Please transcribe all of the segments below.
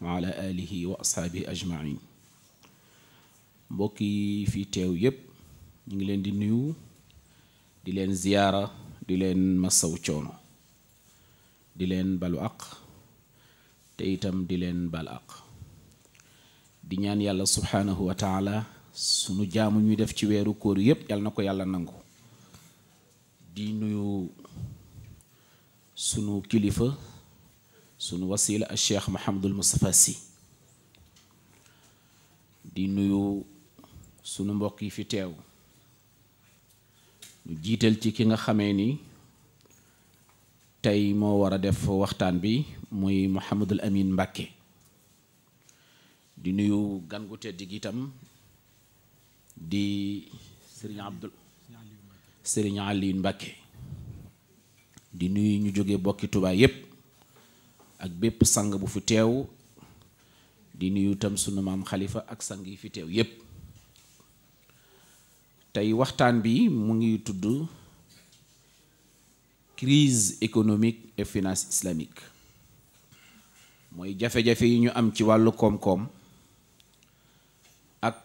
wa ala alihi wa ashaabi ajmain mbokk yi fi teew yépp ñu ngi leen di nuyu di leen ziyaara di leen masaw coono di leen balu aq te itam di leen bal aq di ñaan yàlla subhaanahu wa taala sunu jaamu ñuy def ci weeru kóor yépp yàlla na ko yàlla nangu di nuyu sunu kilifa sunu wasila ay cheikh Mouhamadul Moustapha si di nuyu sunu mbokk yi fi teew ñu jiital ci ki nga xamee ni tey moo war a def waxtaan bi muy Mouhamadul Amin Mbàkke di nuyu gan gu tedd gi itam di Serigne Abdul Serigne Mbàkke di nuyu ñu jóge bokki tubaay yépp ak bépp sang bu fi teew di nuyu sunu maam xalifa ak sang yi fi teew yépp tey waxtaan bi mu ngi tudd crise économique et finance islamique mooy jafe-jafe yi ñu am ci wàllu koom-koom ak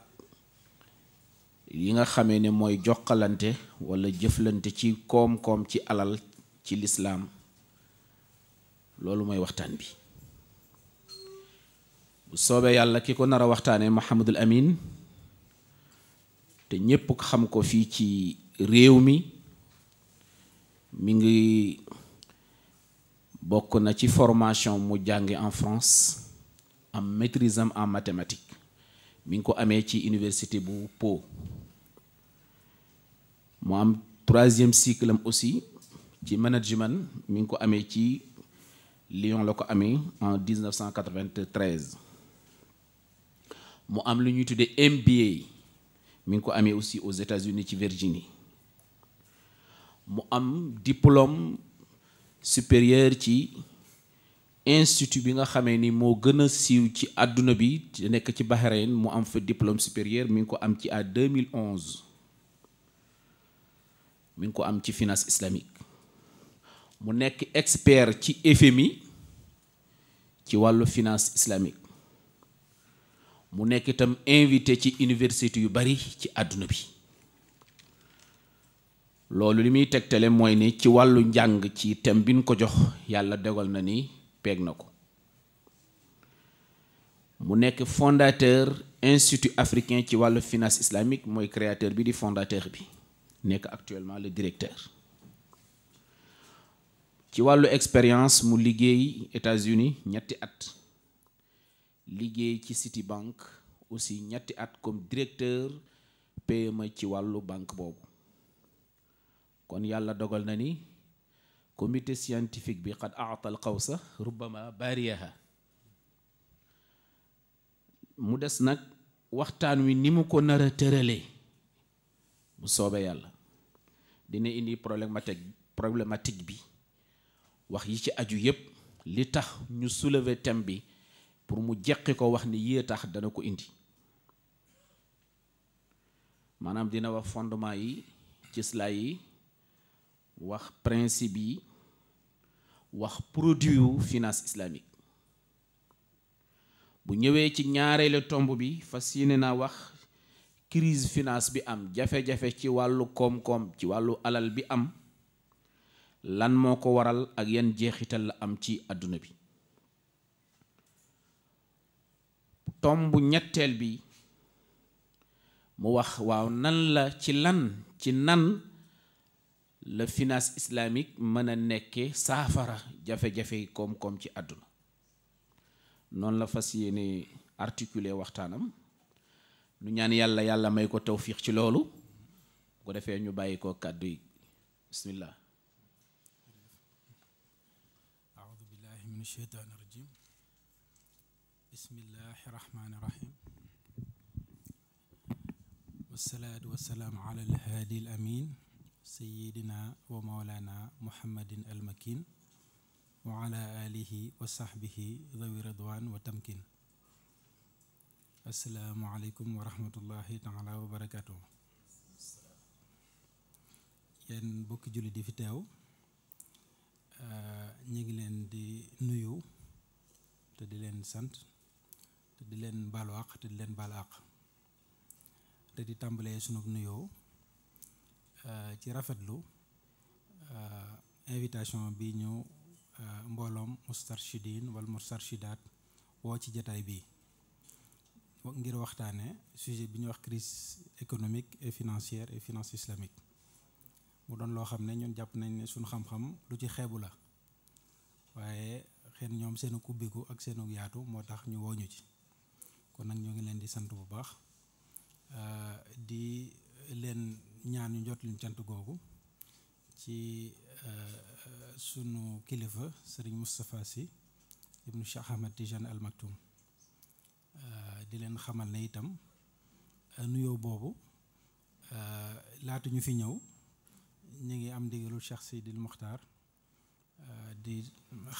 yi nga xamee ne mooy jokkalante walla jëflante ci koom-koom ci alal ci lislaam loolu mooy waxtaan bi bu soobee yàlla ki ko nar a waxtaanee Mouhamadul Amin te ñépp xam ko fii ci réew mi mi ngi bokk na ci formation mu jànge en France am maîtrise en mathématique mi ngi ko amee ci université bu Pau mu am troisième cycle am aussi ci management mi ngi ko amee ci Lyon la ko amee en 1993 mu am lu ñuy tuddee MBA mi ngi ko amee aussi aux États-Unis ci Virginie mu am diplôme supérieur ci institut bi nga xamee ni moo gën a siiw ci àdduna bi nekk ci Bahreïn mu am fa diplôme supérieur mi ngi ko am ci à 2011 mi ngi ko am ci finance islamique mu nekk expert ci mi ci wàllu finance islamique mu nekk itam invité ci université yu bari ci àdduna bi loolu li muy tegtale mooy ni ci wàllu njàng ci thème bi ko jox yàlla dogal na ni peeg na ko mu nekk fondateur institut africain ci wàllu finance islamique mooy créateur bi di fondateur bi nekk actuellement le directeur ci wàllu expérience mu liggéey États-Unis ñetti at liggéey ci Citibank aussi ñetti at comme directeur PME ci wàllu bank boobu kon yàlla dogal na ni comité scientifique bi xad aatal sax rubbama baariyaha mu des nag waxtaan wi ni mu ko nar tëralee mu soobe yàlla dina indi problématique bi wax yi ci aju yépp li tax ñu soulever thème bi pour mu jeqi ko wax ni yee tax dana ko indi maanaam dina wax fondement yi cëslaa yi wax principe yi wax produit yu finance islamique bu ñëwee ci ñaareelu tomb bi fas yéene naa wax crise finance bi am jafe-jafe ci wàllu koom-koom ci wàllu alal bi am lan moo ko waral ak yan jeexital la am ci àdduna bi tomb ñetteel bi mu wax waaw nan la ci lan ci nan la finance islamique mën a nekke saafara jafe-jafe koom-koom ci àdduna noonu la fas yéene articuler waxtaanam nu ñaan yàlla yàlla may ko tawfiix ci loolu bu ko defee ñu bàyyi ko kàddu yi bismillah min sheytaan irajim bismillahi irahmani irahim wasalaatu wasalaamu ala alhaadi al amin sayidina wa maolana muhammadin almakin wa ala alihi wa sahbihi dawi ridwan wa tamkin asalaamualeykum wa rahmatullahi taala wa barakatuh yéen bokki julli di fi teew Euh, ñu ngi leen di nuyu te di leen sant te di leen baalu te di leen baal te di tàmbalee sunu nuyoo euh, ci rafetlu euh, invitation bi ñu mbooloom mustarshidin wal mustarshidaat woo ci jataay bi ngir waxtaane sujet bi ñuy wax crise économique et financière et finance islamique mu doon loo xam ne ñun jàpp nañ ne suñ xam-xam lu ci xeebu la waaye xen ñoom seenu kubbiku ak seenu yaatu moo tax ñu wooñu ci kon nag ñoo ngi leen di sant bu baax di leen ñaan ñu jot luñ googu ci sunu kilifa sëriñ Moustapha si ibnu Cheikh Ahmad Tijaan Al Maktoum di leen xamal ne itam nuyoo boobu laatu ñu fi ñëw ñu ngi am ndigalu Cheikh Sidil Muxtaar euh, di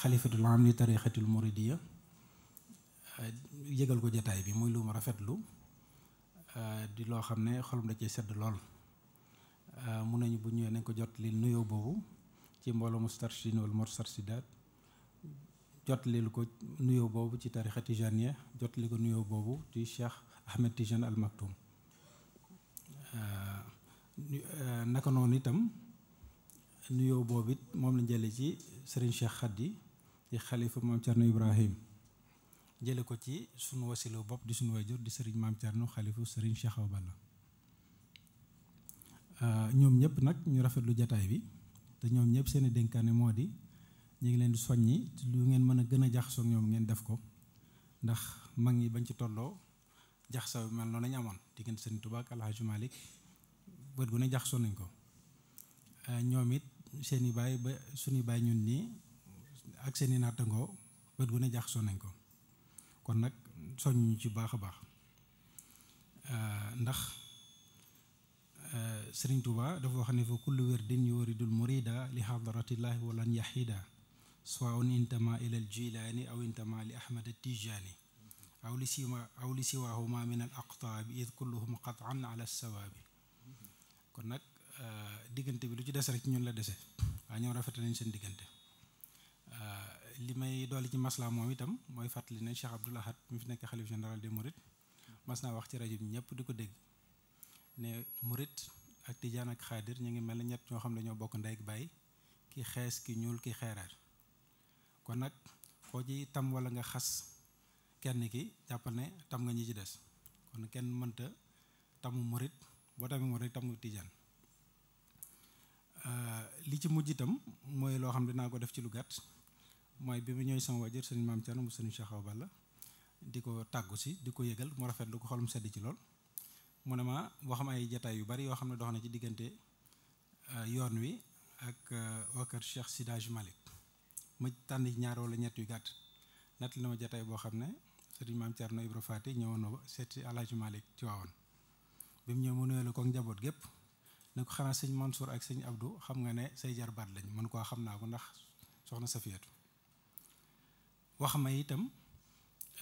xalifatul am li tarixatul muridiya euh, yëgal ko jataay bi muy lu mu rafetlu euh, di loo xam ne xolum da ci sedd lool mun nañu bu ñëwee nañ ko jot li nuyoo boobu ci mbooloo mustarshin wal mustarsidaat jot li ko nuyoo boobu ci tarixa tijaniya jot li ko nuyoo boobu ci Cheikh Ahmed Tijane Al Maktoum naka noonu itam nuyoo boobu it moom lañ jële ci sëriñ Cheikh Khady di xalifa maam Thierno Ibrahim jële ko ci sunu wasilu bopp di sunu wayjur di sëriñ maam Thierno xalifa sëriñ Cheikh Awa Balla ah, ñoom ñëpp nag ñu rafetlu jataay bi te ñoom ñëpp seen i dénkaane moo di ñu ngi leen di soññi lu ngeen mën a gën a jaxasoo ñoom ngeen def ko ndax mag ñi bañ ci tolloo jaxasoo bi mel noonu lañu amoon diggante Sëriñ Tuubaa ak Alxaaji Maalik bët gu ne jaxasoo nañ ko ah, ñoom it seen i baay ba suñu baay ñun nii ak seen i nattangoo bët bu ne jaxasoo nañ ko kon nag soññ ci baax a baax euh, ndax euh, Sëriñ tubaa dafa wax ne fa kullu wirdin yuridul murida li xadratillahi walan yaxida sawaun intama ila al aw intama li ahmad tijaani aw li siwa aw li siwahuma min al aqtaabi id kulluhum qatan ala sawaabi kon nag Euh, diggante bi lu ci des rek ñun la dese waaye ñoom rafet nañ seen diggante euh, li may dolli ci maslaa moom itam mooy fàttali ne Cheikh Abdoul Ahad mi fi nekk xalif général des Mourides mas naa wax ci rajo bi ñëpp di ko dégg ne Mouride ak Tijaan ak ñu ngi mel ne ñett ñoo xam ne ñoo bokk ndey ak baay ki xees ki ñuul ki xeereer kon nag foo ci tam wala nga xas kenn ki jàppal ne tam nga ñi ci des kon kenn mënta tamu Mouride boo tamee Mouride tam nga Tijaan Euh, li ci mujj itam mooy loo xam ne dinaa ko def ci lu gàtt mooy bi mu ñooy sama wajur sëriñ maam Thierno mu sëriñ Cheikh Awa Balla di ko tàggu si di ko yëgal mu rafet ko xolum sedd ci lool mu ne ma waxam jataay yu bari yoo xam ne dox na ci diggante euh, yoon wi ak euh, waa kër ma tànn ñaar wala ñett yu gàtt natt na ma jataay boo xam ne sëriñ maam Thierno Ibra ñëwoon na seet si Alhaji ci waawoon bi mu ñëw mu la ko njaboot gépp ne ko xanaa sëñ Mansour ak sëñ Abdou xam nga ne say jarbaat lañ mën koo xam naa ko ndax soxna Safiyatu wax ma itam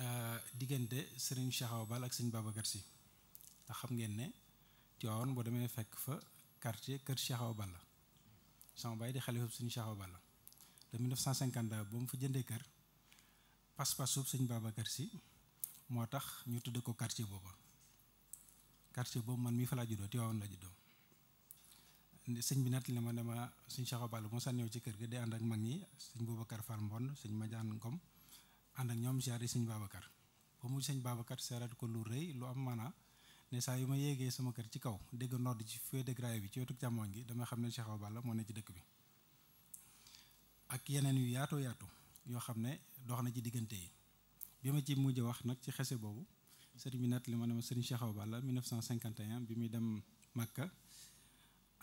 euh, diggante sëriñ Cheikh Awa Bal ak sëñ Babacar Si ndax xam ngeen ne Tiwaawan boo demee fekk fa quartier kër Cheikh Awa Bal la sama baay di xalifa sëñ Cheikh Awa Bal la de 1950 fa jëndee kër pas-pasub sëñ Babacar Si moo tax ñu tudd ko quartier booba quartier boobu man mii fa laa juddoo Tiwaawan laa juddoo sëñ bi nettali na ma dama suñ Cheikh Obal moo sànneew ci kër gi de ànd ak mag ñi suñ Boubacar Fall Mbonn suñ Madiane Ngom ànd ak ñoom ziare suñ Babacar ba mu sëñ Babacar seeraat ko lu rëy lu am maanaa ne saa yu ma yéegee sama kër ci kaw dégg nodd ci fee de bi ci wetu càmmooñ gi damay xam ne Cheikh Obal moo ne ci dëkk bi ak yeneen yu yaatoo yaatu yoo xam ne dox na ci diggante yi bi ma ci mujj wax nag ci xese boobu sëriñ bi nettali ma ne ma sëriñ Cheikh Obal 1951 bi muy dem Makka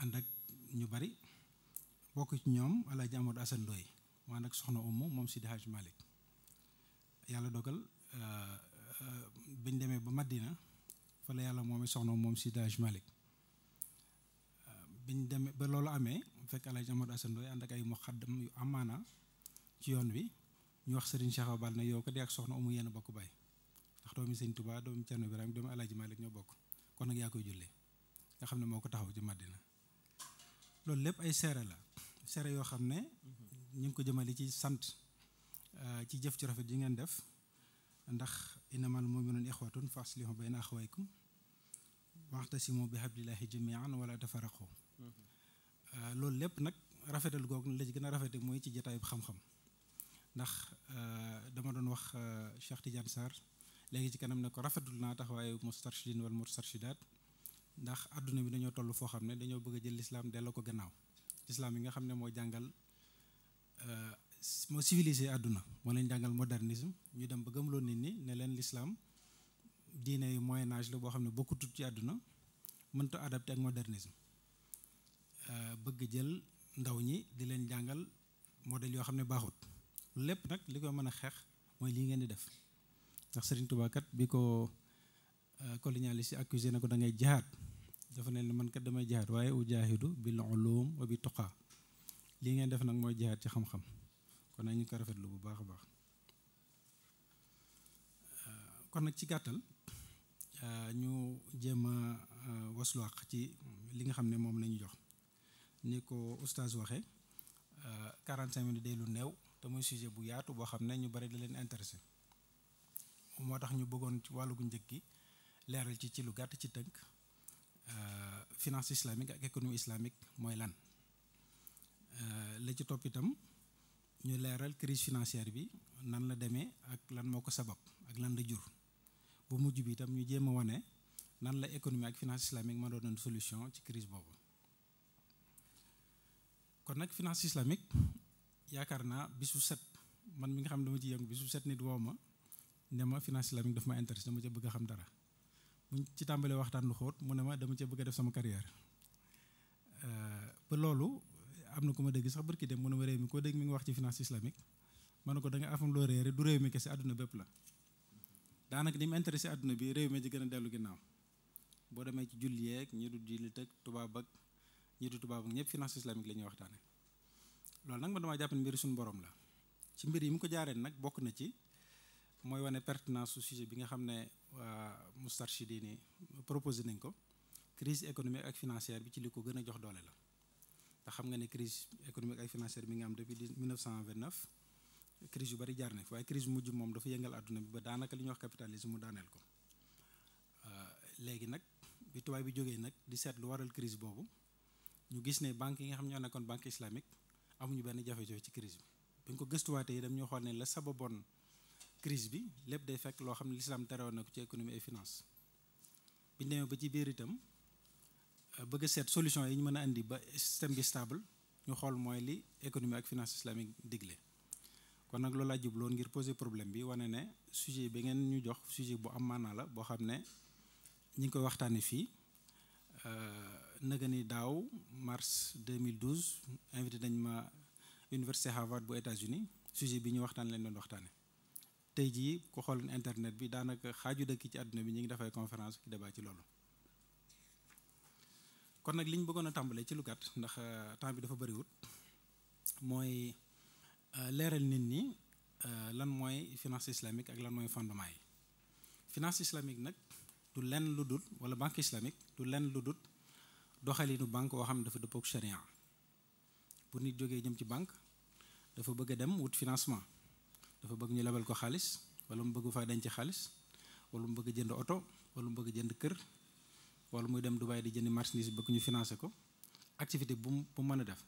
ànd ak ñu bari bokk ci ñoom Alaaji Amadou Assane Ndoye mu ànd ak soxna Umu moom si Hadj Malick yàlla dogal euh, euh, biñ demee ba Madina fa la yàlla moom soxna moom Sidi Hadj Malick biñ demee ba loolu amee fekk Alaaji Amadou Assane Ndoye ànd ak ay muxaddam yu amaana ci yoon wi ñu wax Serigne Cheikh Abal na yow ko di ak soxna Umu yenn bokk baay ndax doomi Sëñ Tuubaa doomi Cerno Ibrahima doomi Alaaji Malick ñoo bokk kon nag yaa koy jullee nga xam ne moo ko taxaw ci Madina loolu lépp ay seere la seere yoo xam ne ñu ngi ko jëmale ci sant euh, ci jëf ci rafet yi ngeen def ndax innamal mu'minuuna ixwatun fa aslihu bayna axawaykum waxtasimu bi hablillahi jamian wala tafaraqu euh, loolu lépp nag rafetal googu la ci gën a rafete mooy ci jataayub xam-xam ndax euh, dama doon wax Cheikh Tidiane Sarr léegi ci kanam ne ko rafetul naa taxawaayu mustarshidin wal mustarshidaat ndax àdduna bi dañoo toll foo xam ne dañoo bëgg a jël lislaam delloo ko gannaaw lislaam yi nga xam ne moo jàngal euh, moo civilisé àdduna moo leen jàngal modernisme ñu dem ba gëmloo nit ñi ne leen lislaam diine yu moyen âge la boo xam ne bokkutut ci àdduna mënta adapté ak modernisme euh, bëgg jël ndaw ñi di leen jàngal modèle yoo xam ne baaxut lépp nag li koy mën a xeex mooy lii ngeen di def ndax Sëriñ Tuubaa bi ko euh, colonialiste accusé na ko da ngay jihaad dafa ne man kat damay jihaad waaye ujaahidu bil ulum wa bi tuqaa lii ngeen def nag mooy jihaad ci xam-xam kon nag ñu ko rafetlu bu baax a baax kon nag ci gàttal ñu jéem a waslu ci li nga xam ne moom la jox ni ko oustaz waxe 45 minutes day lu néew te muy sujet bu yaatu boo xam ne ñu bari da leen moom moo tax ñu bëggoon ci wàllu gu gi leeral ci ci lu gàtt ci tënk finance islamique ak économie islamique mooy lan euh, la ci topp itam ñu leeral crise financière bi nan la demee ak lan moo ko sabab ak lan la jur bu mujj bi itam ñu jéem a wane nan la économie ak finance islamique ma doon solution ci crise boobu kon nag finance islamique yaakaar naa bisu set man mi nga xam dama ci yëngu bisu set nit woo ma ne ma finance islamique daf ma intéressé dama ci bëgg a xam dara buñ ci tàmbalee waxtaan lu xóot mu ne ma dama cee bëgg a def sama carrière ba loolu am na ku ma dégg sax barki dem mu ne ma réew mi koo dégg mi ngi wax ci finance islamique ma ne ko da nga afam loo réere du réew mi kese àdduna bépp la daanaka ni mu intéressé àdduna bi réew mi di gën a dellu ginnaaw boo demee ci julli yeeg ñi du julli teg tubaab ak ñi du tubaab ak ñëpp finance islamique lañuy waxtaane loolu nag ma damaa jàpp ne mbiri suñu borom la ci mbir yi mu ko jaaree nag bokk na ci mooy wane bi nga xam ne waa Moustarchidine proposé nañ ko crise économique ak financière bi ci li ko gën a jox doole la te xam nga ne crise économique ak financière bi nga am depuis 1929 crise yu bari jaar na fi waaye crise mujj moom dafa yëngal àdduna bi ba daanaka li ñuy wax capitalisme mu daaneel ko euh, léegi nag bi tubaab bi jógee nag di seet lu waral crise boobu ñu gis ne banque yi nga xam ñoo nekkoon banque islamique amuñu benn jafe-jafe ci crise bi bi ñu ko gëstuwaatee yi dem ñoo xool ne crise bi lépp day fekk loo xam ne lislaam terewoon na ko ci économie et finance bi ñu demee ba ci biir itam euh, bëgg a seet solution yi ñu mën a indi ba système bi stable ñu xool mooy li économie ak finance islamique digle kon nag loolu laa jubloon ngir poser problème bi wane ne sujet bi ngeen ñu jox sujet bu am maanaa la boo xam ne ñi ngi koy waxtaanee fii euh, naga ni daaw mars 2012 invité dañ ma université Harvard bu États-Unis sujet bi ñu waxtaan leen doon waxtaane tey jii ku xool internet bi daanaka xaaju dëkk ci àdduna bi ñu ngi dafay conférence ci débat ci loolu kon nag li ñu bëggoon a tàmbalee ci lu gàtt ndax euh, temps bi dafa bëriwut mooy euh, leeral nit ñi euh, lan mooy finance islamique ak lan mooy fondement yi finance islamique nag du lenn lu dul wala banque islamique du lenn lu dul doxalinu banque woo xam ne dafa dëppook sharia bu nit jógee jëm ci banque dafa bëgg dem wut financement dafa bëgg ñu lebal ko xaalis wala mu bëgg faa denc xaalis wala mu bëgg jënd oto wala mu bëgg jënd kër wala muy dem Dubaay di jënd marchandise bëgg ñu financé ko activité bu mu bu mën a def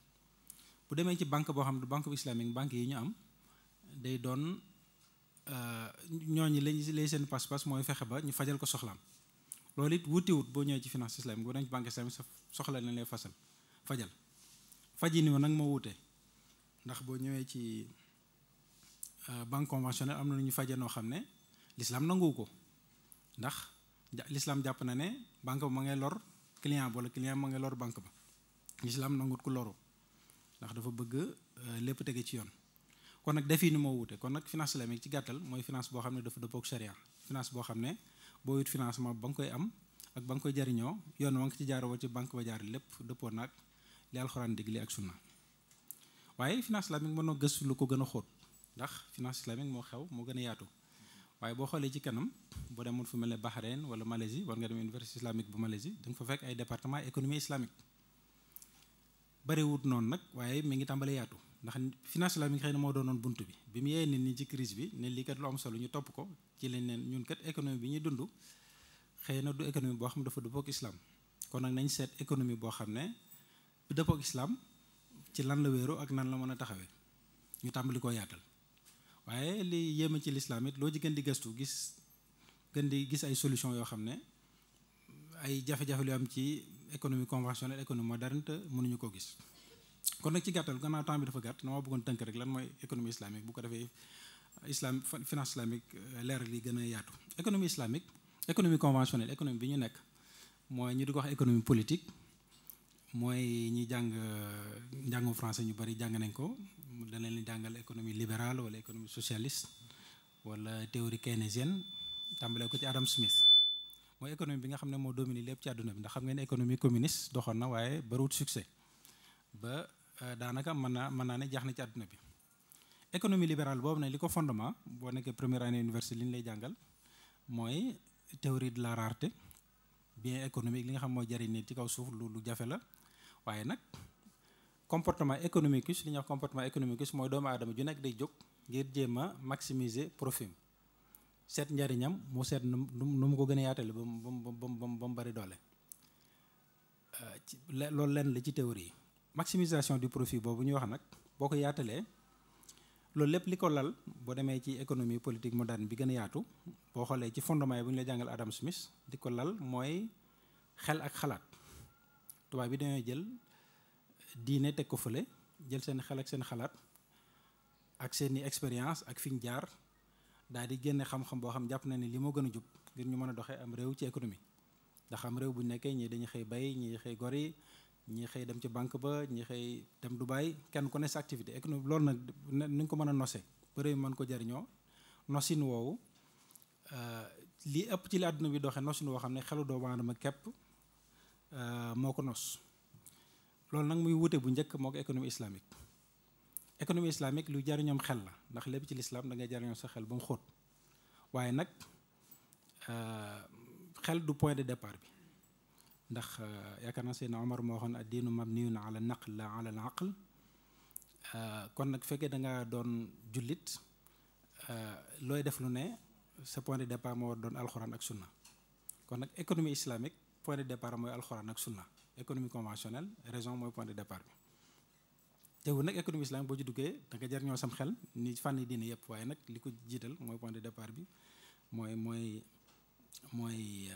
bu demee ci banque boo xam ne banque bu islamique banque yi ñu am day doon euh, ñooñu lañ lay seen pas-pas mooy fexe ba ñu fajal ko soxlaam loolu it wutiwut boo ñëwee ci finance islamique boo dem ci banque islamique sa soxla lañ lay fasal fajal faji ni nag moo wutee ndax boo ñëwee ci Euh, banque conventionnelle am na nu ñu faje noo xam ne l'islam nanguwu ko ndax l'islam jàpp na ne banque ba ma ngay lor client ba wala client ma ngay lor banque ba l'islam nangut ku loro ndax dafa bëgg euh, lépp tege ci yoon kon nag defi ni moo wute kon nag finance islamique ci gàttal mooy finance boo xam ne dafa dëppook sharia finance boo xam ne boo wut financement ba nga koy am ak ba nga koy jariñoo yoon wa nga ci jaaroo ci banque ba jaar lépp dëppoo naag li alxuraan digle ak sunna waaye finance islamique mën na lu ko gën a ndax finance islamique moo xew moo gën a yaatu waaye boo xoolee ci kanam boo demoon fu mel ne Bahreïn wala Malaisie war nga dem université islamique bu Malaisie da nga fa fekk ay département économie islamique bariwut noonu nag waaye mi ngi tàmbalee yaatu ndax finance islamique xëy na moo doonoon bunt bi bi mu yee nit ñi ci crise bi ne lii kat lu am solo ñu topp ko ci lañ leen ñun kat économie bi ñuy dund xëy na du économie boo xam ne dafa dëppook islam kon nag nañ seet économie boo xam ne du dëppook islam ci lan la wéeru ak nan la mën a taxawee ñu tàmbali koo yaatal waaye li yéeme ci lislaam loo ci gën di gëstu gis gën di gis ay solution yoo xam ne ay jafe-jafe lu am ci économie conventionnelle économie moderne te mënuñu koo gis kon nag ci gàttal gannaaw temps bi dafa gàtt dama bëggoon tënk rek lan mooy économie islamique bu ko defee islam finance islamique euh, leer li gën a yaatu économie islamique économie conventionnelle économie bi ñu nekk mooy ñu di ko wax économie politique mooy ñi jàng euh, njàngum français ñu bari jàng nañ ko da leen di jàngal économie libérale wala économie socialiste wala théorie keynésienne tàmbalee ko ci Adam Smith mooy économie bi nga xam ne moo domine lépp ci àdduna bi ndax xam ngeen économie communiste doxoon na waaye bariwut succès ba euh, daanaka mën naa mën naa ne jaax na ci àdduna bi économie libérale boobu nag li ko fondement boo nekkee première année université li ñu lay jàngal mooy théorie de la rarté bien économique li nga xam mooy jariñ nit ci kaw suuf lu lu jafe la comportement économicus li ñuy wax comportement économicus mooy doomu aadama ju nekk day jóg ngir jéem a maximiser profit seet njariñam mu seet nu nu mu ko gën a yaatale ba mu ba mu ba mu bari doole euh, loolu lenn la ci théorie yi maximisation du profit boobu ñu wax nag boo ko yaatalee loolu lépp li ko lal boo demee ci économie politique moderne bi gën a yaatu boo xoolee ci fondement yi bu ñu la jàngal Adam Smith di ko lal mooy xel ak xalaat tubaab bi dañoo jël diine teg ko fële jël seen xel ak seen xalaat ak seen i expérience ak fi ñu jaar daal di génne xam-xam boo xam jàpp na ne li moo gën a jub ngir ñu mën a doxe am réew ci économie ndax am réew bu nekkee ñii dañuy xëy bay ñii xëy gori ñii xëy dem ci banque ba ñii xëy dem du Dubaï kenn ku ne sa activité économie loolu nag ni ko mën a nose ba réew mën ko jariñoo nosin woowu euh, li ëpp ci li àdduna bi doxee nosin woo xam ne xelu doomu aadama képp euh, moo ko nos loolu nag muy wute bu njëkk moo ko économie islamique économie islamique lu jariñoom xel la ndax lépp ci lislaam da ngay jariñoom sa xel ba mu xóot waaye nag euh, xel du point de départ bi ndax euh, yaakaar naa Seydina Omar moo waxoon ad-diinu mabniyun ala naql la ala al-aql euh, kon nag fekkee da nga doon jullit looy def lu ne sa point de départ moo doon alxuraan ak sunna kon nag économie islamique point de départ mooy alxuraan ak sunna économie conventionnelle raison mooy point de départ bi teewul nag économie islamique boo ci duggee da nga sam xel ni fànn yi diine yëpp waaye nag li ko jiital mooy point de départ bi mooy mooy mooy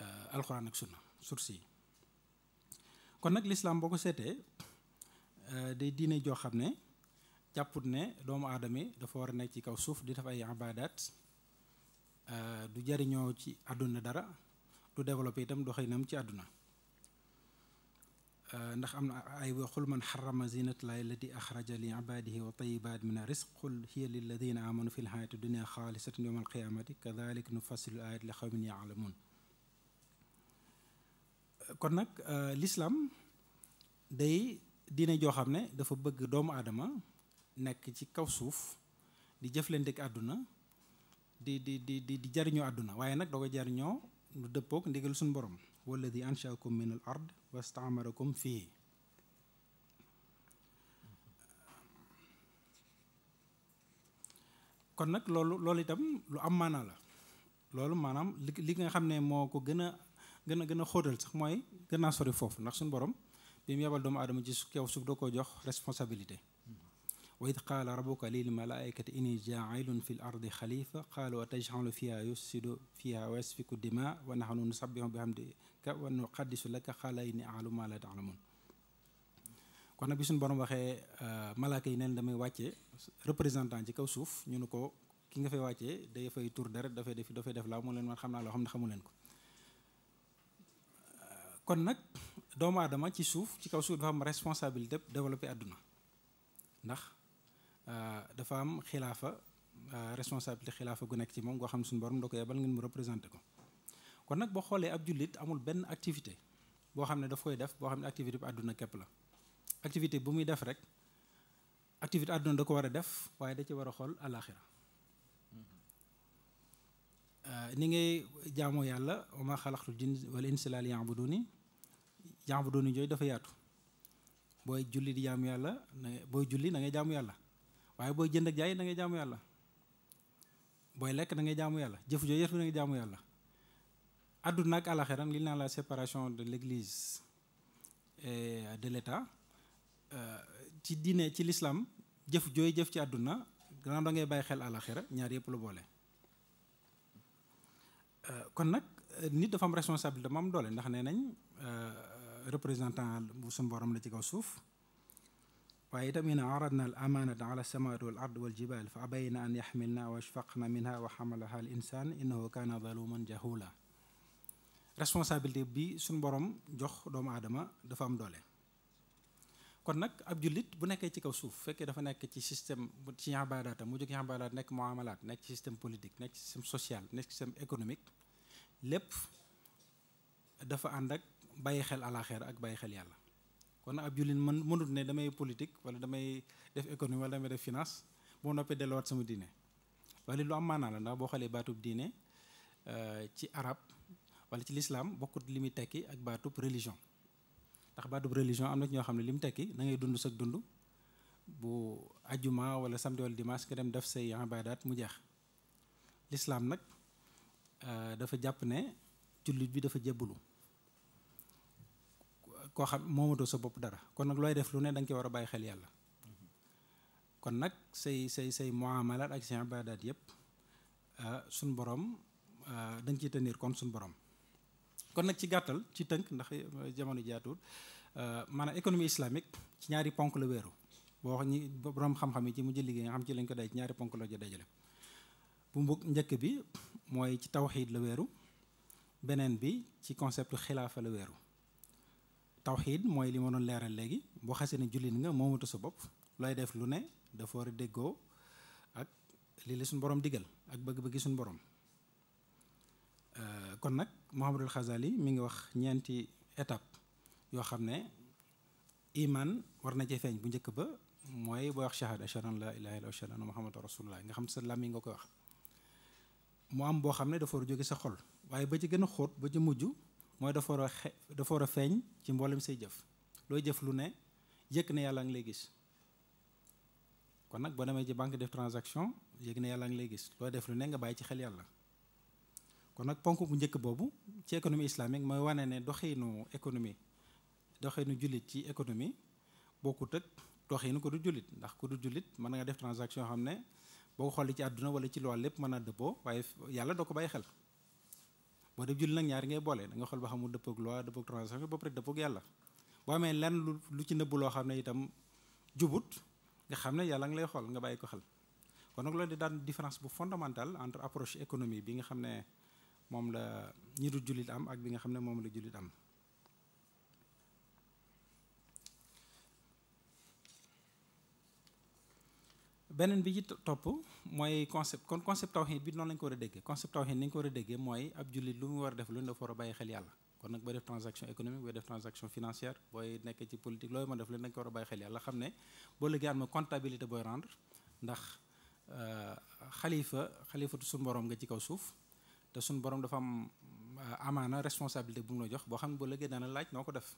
euh, alxuraan ak sunna source kon nag l'islam boo ko seetee euh, day diine joo xam ne jàpput ne doomu aadama dafa war a nekk ci kaw suuf di def ay ibaadaat euh, du jariñoo ci àdduna dara du développé itam doxinam ci àdduna Euh, ndax am na ay waxul man xarama zinat laay la di axraja li ibadihi wa tayibat min a risq qul hiya lilladina amanu fi lxayati dunia xaalisatan yowm kon nag euh, l'islam day diine joo xam ne dafa bëgg doomu aadama nekk ci kaw suuf di jëflante ak àdduna di di di di di jariñoo àdduna waaye nag doo ko jariñoo lu dëppook ndigal suñu borom walladi anshaakum min al ard wastaamarakum fii kon nag loolu loolu itam lu am maanaa la loolu maanaam li li nga xam ne moo ko gën a gën gën a xóotal sax mooy gën sori foofu ndax suñu borom bi mu yebal doomu aadama ci kaw su doo ko jox responsabilité wa id qaala rabuka lil malaaikati inni jaailun fi l ardi xalifa qaalu atajxalu fiha yufsidu fiha wa yasfiku dima wa kon nag bi suñu borom waxee malaaka yi neen damay wàcce représentant ci kaw suuf ñu ne ko ki nga wàccee day tur deret dafay def dafay def xam naa loo xam ne xamu leen ko kon nag doomu aadama ci suuf ci kaw suuf dafa am responsabilité développé àdduna ndax Euh, dafa am xilaafa euh, responsabilité xilaafa gu nekk ci moom goo xam ne suñu borom da ko yebal ngeen mu représenté ko kon nag boo xoolee ab jullit amul benn activité boo xam ne daf koy def boo xam ne activité bi àdduna képp la activité bu muy def rek activité àdduna da ko war a def waaye da ci war a xool alaaxira euh, ni ngay jaamoo yàlla wa ma xalaqtul jinn wal insa illa liya'buduni jaamu dooni jooju dafa yaatu booy julli di jaamu yàlla booy julli na ngay jaamu yàlla waaye booy jënd ak jaay da ngay jaamu yàlla booy lekk da ngay jaamu yàlla jëf jooju yëpp da ngay jaamu yàlla àdduna ak àlaxira li naa la séparation de l'église et de l'état euh, ci dine ci l'islam jëf jooy jëf ci àdduna gannaaw da ngay bàyyi xel àlaxira ñaar yëpp la boole euh, kon nag nit dafa am responsabilité ma doole ndax nee nañ euh, représentant bu suñu borom la ci kaw suuf waaye itam in aradna al amaanata ala samawati wal ard wal jibal fa abayna an yaxmilna wa ashfaqna minha wa xamalaha al insan innahu kaana zaluman jahula responsabilité bi suñ borom jox doomu aadama dafa am doole kon nag ab jullit bu nekkee ci kaw suuf fekkee dafa nekk ci système ci ibaadaata mu jóg ibaadaat nekk muamalaat nekk ci système politique nekk ci système social nekk ci système économique lépp dafa ànd ak bàyyi xel alaxeer ak bàyyi xel yàlla kon ab jullit man mënut ne damay politique wala damay def économie wala damay def finance boo noppee delluwaat sama diine wala lu am maanaa la ndax boo xoolee baatub diine euh, ci arab walla ci lislaam bokkut li muy tekki ak baatub religion ndax baatub religion am nag ñoo xam ne li mu tekki da dund sag dund bu ajuma wala samedi wala dimanche nga dem def say ibaadaat mu jeex lislaam nag euh, dafa jàpp ne jullit bi dafa jébbalu koo xam moomatoo sa bopp dara kon nag looy def lu ne da nga war a bàyyi xel yàlla kon nag say say say muamalat ak say ibadat yëpp ah, suñ borom ah, da nga ciy tenir kon suñ borom kon nag ci gàttal ci tënk ndax eh, jamono jaatuut ah, maanaam économie islamique ci ñaari ponk la wéeru boo xam ñi borom xam yi ci mujj liggéey nga xam ci lañ ko day ci ñaari ponk la ja dajale bu mbug njëkk bi mooy ci tawxiid la weeru beneen bi ci concept xilaafa la wéeru tawxiid mooy li ma doon leeral léegi boo xasee ne jullit nga moomatu sa bopp looy def lu ne dafa war a déggoo ak lii la suñu borom digal ak bëgg bëgg suñu borom euh, kon nag Muhammadul Xasali mi ngi wax ñeenti étape yoo xam ne iman war na cee feeñ bu njëkk ba mooy booy wax shahada ashhadu an laa ilaaha illallaah ashhadu anna muhammadan rasulullah nga xam sa mu am boo xam ne dafa war jóge sa xol waaye ba ci gën a xóot ba ci mujj mooy dafa war a xe dafa a feeñ ci mboolem say jëf looy jëf lu ne yëg ne yàlla ngi lay gis kon nag boo demee ci banque def transaction yëg ne yàlla ngi lay gis looy def lu ne nga bàyyi ci xel yàlla kon nag ponk bu njëkk boobu ci économie islamique mooy wane ne doxiinu économie doxiinu jullit ci économie bokkut ak doxiinu ko du jullit ndax ko du jullit mën nga def transaction xam ne boo ko xoolee ci àdduna wala ci loolu lépp mën naa dëppoo waaye yàlla doo ko bàyyi xel boo def julli nag ñaari ngay boole da nga xool ba xamul dëppoog loi dëppoog transaction ba pare dëppoog yàlla boo amee lenn lu lu ci nëbbu loo xam ne itam jubut nga xam ne yàlla nga lay xool nga bàyyi ko xel kon nag loolu di daan différence bu fondamentale entre approche économie bi nga xam ne moom la ñi du jullit am ak bi nga xam ne moom la jullit am beneen bi ci topp mooy concept kon concept tawhid bi noonu lañ ko war a déggee concept tawhid ni ñu ko war a déggee mooy ab jullit lu mu war a def lu ne dafa war a bàyyi xel yàlla kon nag booy def transaction économique booy def transaction financière booy nekk ci politique looy mën def lu ne dañ ko a ne boo liggéey am na comptabilité booy ndax euh, xalifa xalifatu suñu borom nga ci kaw suuf te suñu borom dafa am euh, amaana responsabilité bu mu la jox boo xam ne boo liggéey dana laaj noo ko def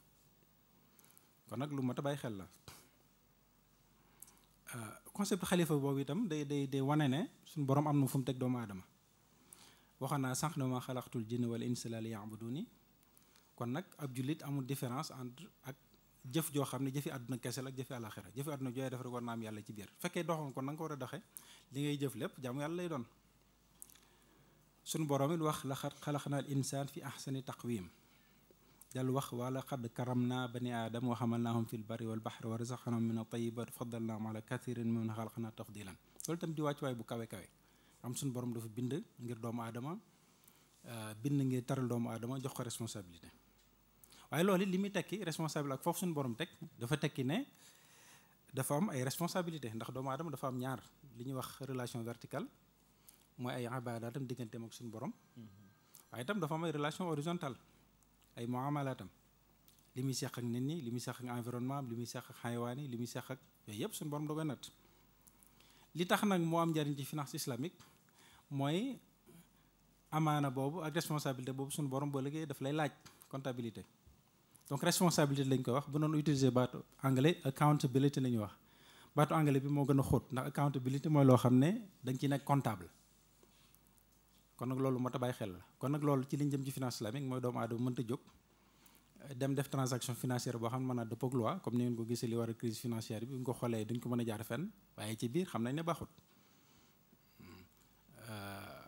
kon nag lu mat a bàyyi xel la Euh, concept xalifa boobu itam day day day wane ne suñu borom am na fu mu teg doomu aadama waxoon naa sànq ne ma xalaxtul jinni wala insa la ya'buduni kon nag ab jullit amul différence entre ak jëf joo xam ne jëfi àdduna kese la ak jëfi àlaxira jëfi àdduna jooy def rek am yàlla ci biir fekkee doxoon kon na nga war a doxee li ngay jëf lépp jaamu yàlla lay doon suñu borom it wax la xalaxnal insaan fi ahsani taqwim dal wax wala xad karam naa bani aadam wa xamalnaahum fil barri wal baxri wa razaqnahum min at-tayyibaat faddalnaahum ala kathirin mimman xalaqnaa tafdilan loolu itam di wàcc waay bu kawe kawe am suñu borom dafa euh, taral doomu aadama jox ko responsabilité waaye loolu li muy tekki responsable ak foofu suñu borom teg dafa tekki ne dafa am ay responsabilité ndax doomu aadama dafa am ñaar li ñuy wax relation verticale mooy ay ibaada tam digganteem ak suñu borom mm-hmm. waaye itam dafa am ay relation horizontale ay muamalaatam li muy seq ak nit ñi li muy seq ak environnement li muy seq ak xayawaan yi li muy seq ak yooyu yëpp suñ borom da koy natt li tax nag moo am njariñ ci finance islamique mooy amaana boobu ak responsabilité boobu suñu borom boo liggéey daf lay laaj comptabilité. donc responsabilité lañ koy wax bu doon utiliser baatu anglais accountability la ñuy wax baatu anglais bi moo gën a xóot ndax accountability mooy loo xam ne da ci ciy nekk comptable. kon nag loolu mat a bàyyi xel la kon nag loolu ci liñ jëm ci finance islamique mooy doomu aadama mënta jóg eh, dem def transaction financière boo xam ne mën naa dëppoo ak loi comme ni ngeen ko gisee li war a crise financière bi bu ñu ko xoolee duñ ko mën a jaar fenn waaye ci biir xam nañ ne baaxut hmm. euh,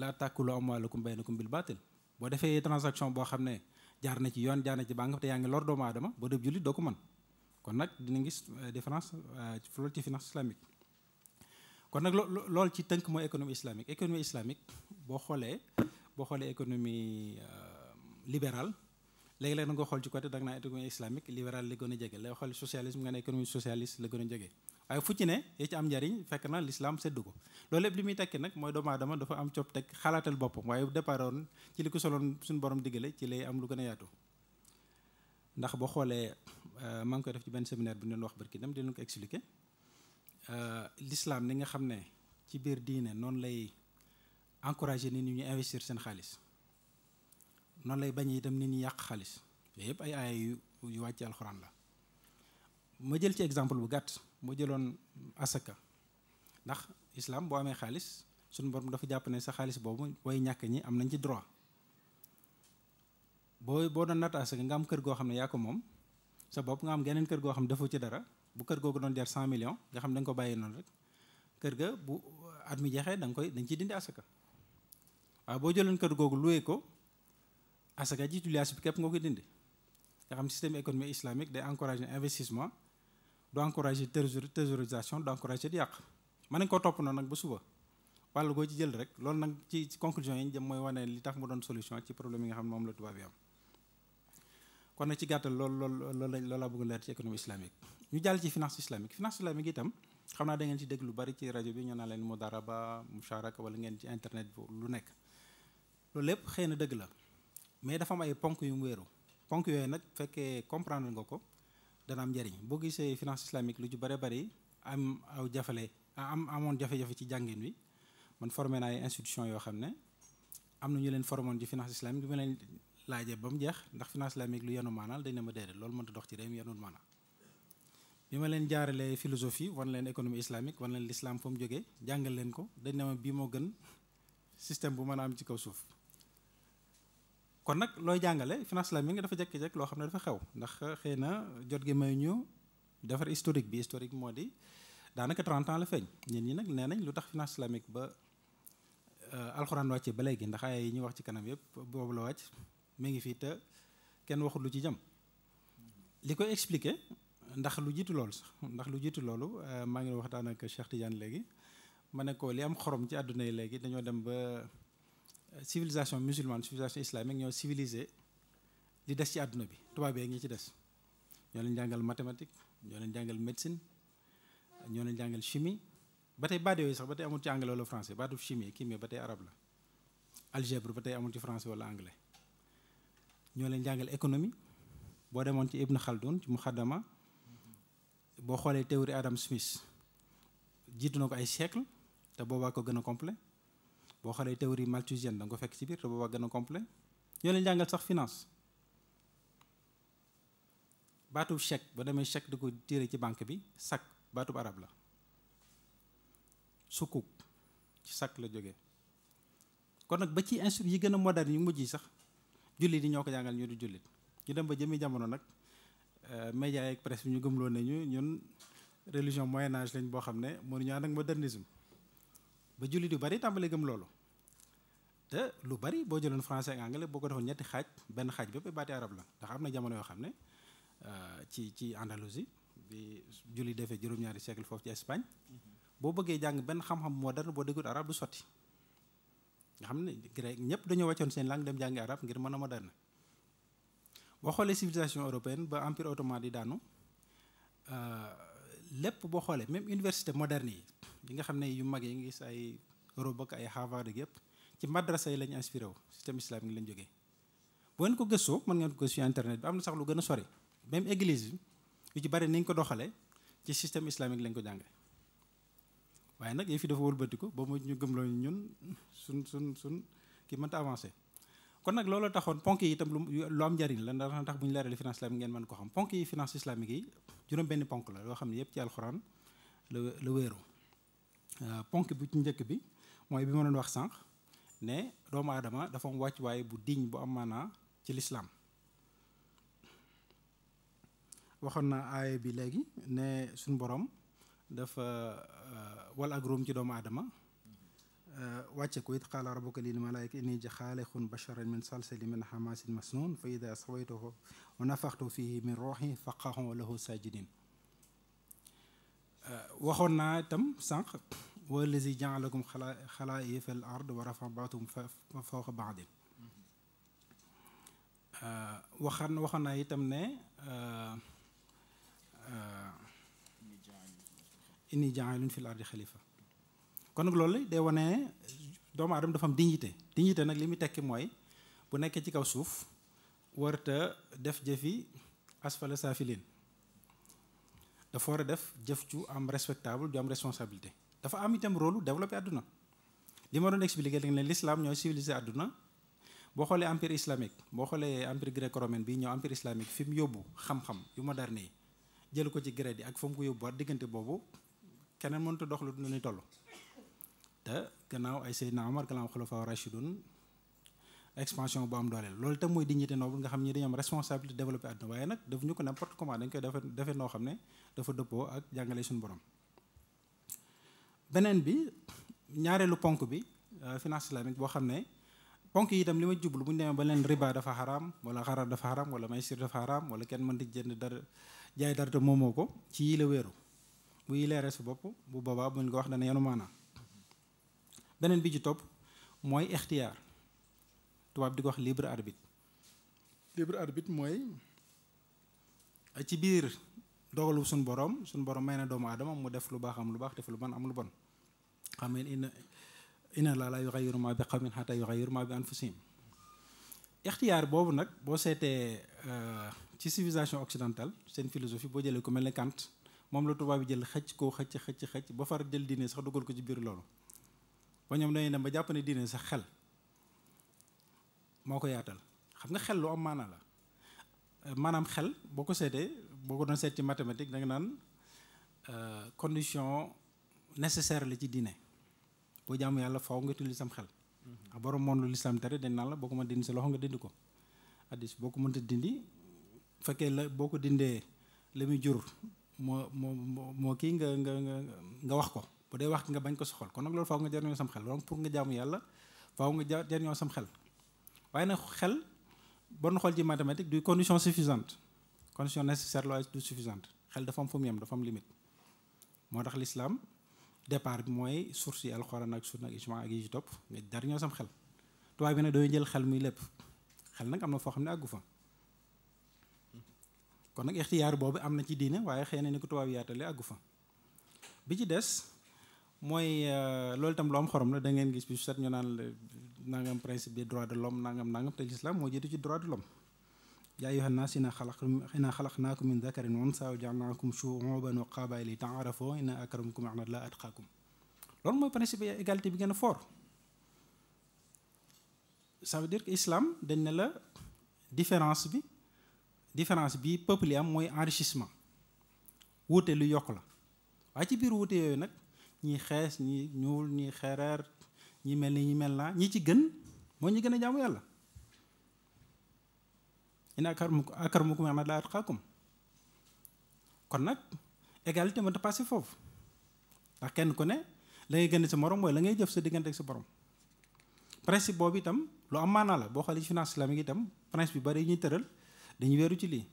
laa taakulu amwaalakum baynakum bil baatil boo defee transaction boo xam ne jaar na ci yoon jaar na ci banque te yaa ngi lor doomu aadama boo def jullit doo ko mën kon nag dina gis euh, différence euh, loolu ci finance kon nag loo ci tënk mooy économie islamique économie islamique boo xoolee boo xoolee économie euh, libérale léegi-léeg da nga xool ci côté da nga naan économie islamique libérale la gën a jege lay xool socialisme nga ne économie socialiste la gën a jege waaye fu ci ne yee ci am njariñ fekk na l'islam sedd ko loolu lépp li muy tekki nag mooy doomu aadama dafa am cob teg xalaatal boppam waaye départoon ci li ko soloon suñu borom diggale ci lay am lu gën a yaatu ndax boo xoolee euh, maa ngi koy def ci benn séminaire bu ñu leen wax barki dem di Euh, lislaam li nga xam ne ci biir diine noonu lay encourager nit ñi ñu investir seen xaalis noonu lay bañ yi itam nit ñi yàq xaalis yooyu yëpp ay aaya yu yu wàcc alxuraan la ma jël ci exemple bu gàtt ma jëloon asaka ndax islam boo amee xaalis sunu borom dafa jàpp ne sa xaalis boobu way ñàkk ñi am nañ ci droit boo boo doon natt asaka nga am kër goo xam ne yaa ko moom sa bopp nga am geneen kër goo xam ne defoo ci dara bu kër googu doon jar cent millions nga xam da nga ko bàyyi noonu rek kër ga bu at mi jeexee danga koy dañ ciy dindi asaka waaw boo jëloon kër googu loué ko asaka ji tulias bi képp nga koy dindi nga xam système économique islamique day encourager investissement du encourager thésaurisation du encourager di yàq mën nañ koo topp noonu nag ba suba wàll goo ci jël rek loolu nag ci ci conclusion yi ñu jëm mooy wane li tax mu doon solution ci problème yi nga xam ne moom la tubaab yi am kon nag ci gàttal loolu loolu loolu la bëgg leer ci économie islamique ñu jàll ci finance islamique finance islamique itam xam naa da ngeen ci dégg lu bari ci rajo bi ñu na leen mudaraba musharaka wala ngeen ci internet bu lu nekk loolu lépp xëy na dëgg la mais dafa am ay ponk yu mu wéeru ponk yooyu nag fekkee comprendre nga ko dana am njariñ boo gisee finance islamique lu ju bare bari am aw jafale am amoon jafe-jafe ci jàngin wi man formé naa ay institution yoo xam ne am na ñu leen formoon ci finance islamique bi ma leen laajee ba mu jeex ndax finance ci réew mi yenul bi ma leen jaaralee philosophie wan leen économie islamique wan leen l'islam fa mu jógee jàngal leen ko dañ ne ma bii moo gën système bu mën a am ci kaw suuf kon nag looy jàngale finance islamique dafa jekki-jekk loo xam ne dafa xew ndax xëy na jot gi may ñu defar historique bi historique moo di daanaka 30 ans la feeñ ñun ñi nag nee nañ lu tax finance islamique ba euh, alxuraan wàccee ba léegi ndax ay yi ñu wax ci kanam yëpp boobu la wàcc mi ngi fii te kenn waxul lu ci jëm ndax lu jiitu loolu sax ndax lu jiitu euh, maa ngi waxtaan ak Cheikh Tidiane léegi ma ne ko li am xorom ci àdduna yi léegi dañoo dem ba euh, civilisation musulmane civilisation islamique ñoo civilisé li des ci àdduna bi tubaab yi ngi ci des ñoo leen jàngal mathématique ñoo leen jàngal médecine ñoo leen jàngal chimie ba tey baat sax ba tey amul ci anglais wala français baatu chimie chimie ba tey arab la algèbre ba tey amul ci français wala anglais ñoo leen jàngal économie ci Ibn Khaldun ci muxaddama boo xoolee théorie Adam Smith jiitu na ko ay siècle te boobaa ko gën a complet boo xoolee théorie malthusienne da nga ko fekk ci biir te boobaa gën a complet ñoo leen jàngal sax finance baatub chèque ba demee chèque di ko tiire ci banque bi sac baatub arab la sukuk ci sac la jóge kon nag ba ci instru yi gën a moderne yu mujj yi sax jullit yi ñoo ko jàngal ñoo du jullit ñu dem ba jëmi jamono nag Euh, média yeeg presse bi ñu gëmloo ñu ñun religion moyen âge lañ boo xam ne mënuñu ànd ak modernisme ba jullit yu bari tàmbali gëm loolu te lu bari boo jëloon français ak boo ko defoon ñetti xaaj benn xaaj bépp baati arab la ndax am na jamono yoo xam ne euh, ci ci Andalousie bi julli defee juróom-ñaari siècle foofu ci Espagne boo bëggee jàng benn xam-xam moderne boo déggul arab du sotti nga xam ne grec ñëpp dañoo wàccoon seen langue dem jàngi arab ngir mën a moderne boo xoolee civilisation européenne ba empire ottoman di daanu euh, lépp boo xoolee même université moderne yi yi nga xam ne yu mag yi ngi gis ay Europe ak ay Harvard ak yëpp ci madrasa yi lañu inspiré wu système islamique ngi lañ jógee boo ngeen ko gëstoo mën ngeen ko gëstu internet bi am na sax lu gën a sori même église bi yu ci bari ni ñu ko doxalee ci système islamique lañ ko jàngale waaye nag yi fi dafa wëlbatiku ba mu ñu gëm gëmloo ñun suñ suñ suñ kii mënta avancé kon nag looloo taxoon ponk yi itam lu am njariñ la ndax tax bu ñu leeralee finance islamique ngeen mën ko xam ponk yi finance islamique yi juróom benn ponk la yoo xam ne yëpp ci alxuraan la euh, ponk bu ci njëkk bi mooy bi ma doon wax sànq ne doomu aadama dafa wàcc waaye bu digne bu am maanaa ci lislaam waxoon na aaya bi léegi ne suñu boroom dafa euh, wal ak ruum ci doomu aadama wàcce ko it qaala rabbuka lil malaayika inni xaalixun basharan min salsali min hamasin masnun fa ida sawaytuhu wa nafaxtu fihi min ruuxi faqahu lahu sajidin waxoon naa itam sànq wallazi jaalakum xalaa xalaa'ifa al ard rafa baatum fawqa baadin waxan waxoon naa itam ne inni jaalun fi l xalifa kon nag loolu day wane doomu aadama dafa am dignité dignité nag li muy tekki mooy bu nekkee ci kaw suuf warta def jëfi asfala saafiliin dafa war a def jëf ju am respectable ju am responsabilité dafa am itam rôle développé àdduna li ma doon expliqué léegi ne l'islam ñooy civilisé àdduna boo xoolee empire islamique boo xoolee empire gréco-romaine bi ñëw empire islamique fi mu yóbbu xam-xam yu moderne yi jël ko ci grec yi ak fa yóbbuwaat diggante boobu keneen mënut dox lu dund ni toll te gannaaw ay Seydina Omar gannaaw xulafaa rachidun expansion bu am doole loolu itam mooy dignité bu nga xam ñi dañu am responsabilité développé àdduna waaye nag daf ñu ko n'importe comment dañ koy defe defee noo xam ne dafa dëppoo ak jàngale suñu borom beneen bi ñaareelu ponk bi euh, finance islamique boo xam ne ponk yi itam li ma jublu bu ñu demee ba leen riba dafa xaraam wala xaraat dafa xaraam wala maysir dafa xaraam wala kenn mënti jënd dara jaay dara te ko ci yii la wéeru bu yi leeree sa bu boobaa buñ ko wax dana yenu maanaam beneen bi ci topp mooy ixtiyaar tubaab di ko wax libre arbitre libre arbitre mooy ci biir dogalu suñu borom suñu borom may na doomu aadama mu def lu baax am lu baax def lu bon am lu bon xam ngeen ina ina laa laa yughayyiru maa bi qawmin hattaa yughayyiru maa bi anfusihim ixtiyaar boobu nag boo seetee euh, ci civilisation occidentale seen philosophie boo jëlee ku mel ne Kant moom la tubaab bi jël xëcc koo xëcc xëcc xëcc ba far jël diine sax dugal ko ci biir loolu ba ñoom dañuy dem ba jàpp ne diine sax xel moo ko yaatal xam nga xel lu am maanaa la euh, maanaam xel boo ko seetee boo ko doon seet ci mathématique da nga naan euh, condition nécessaire la ci diine boo jaamu yàlla faw nga tulli sam xel mhm. ak borom moom lu lislaam tere dañ naan la boo ko ma dindi sa loxo nga dindi ko addis boo ko mënta dindi fekkee la boo ko dindee la muy jur moo moo moo kii nga nga nga wax ko bu dee wax nga bañ ko soxal kon nag loolu faaw nga jariñoo sam xel donc pour nga jaamu yàlla faaw sam xel waaye nag xel bon xool ci mathématique du condition suffisante condition nécessaire la du suffisante xel dafa am fu mu yem dafa am limite moo tax lislaam départ bi mooy source yi alxuraan ak sunna ak ijma ak yi ci topp nga jariñoo sam xel tubaab bi nag dañuy jël xel muy lépp xel nag am na foo xam ne àggu fa kon nag ixtiyaar boobu am na ci diine waaye xëy na ni ko tubaab yaatale àggu fa mooy euh, loolu itam lu am xorom la da ngeen gis bi su set ñu naan la nangam principe des droits de l'homme nangam nangam te l'islam moo jiitu ci droit de l'homme yaa ayyuhan naas inna xalaq inna xalaqnaakum min dakarin wa unsaa wa jaalnaakum shuuban wa qabaa'ila li ta'aarafuu inna akramakum inda llaahi atqaakum loolu mooy principe égalité bi gën a fort ça veut dire que islam dañ ne la différence bi différence bi peuple yi am mooy enrichissement wuute lu yokk la waaye ci biir wuute yooyu nag ñii xees ñi ñuul ñi xereer ñii mel ni ñi mel naa ñi ci gën moo ñu gën a jaamu yàlla ina akarmukum akarmukum ama la atqaakum kon nag égalité mënta passé foofu ndax kenn ku ne la ngay gën sa moroom mooy la ngay jëf sa diggante ak sa borom principe boobu itam lu am maanaa la boo xoolee ci finance islamique itam principe yu bari yi ñuy tëral dañuy weeru ci lii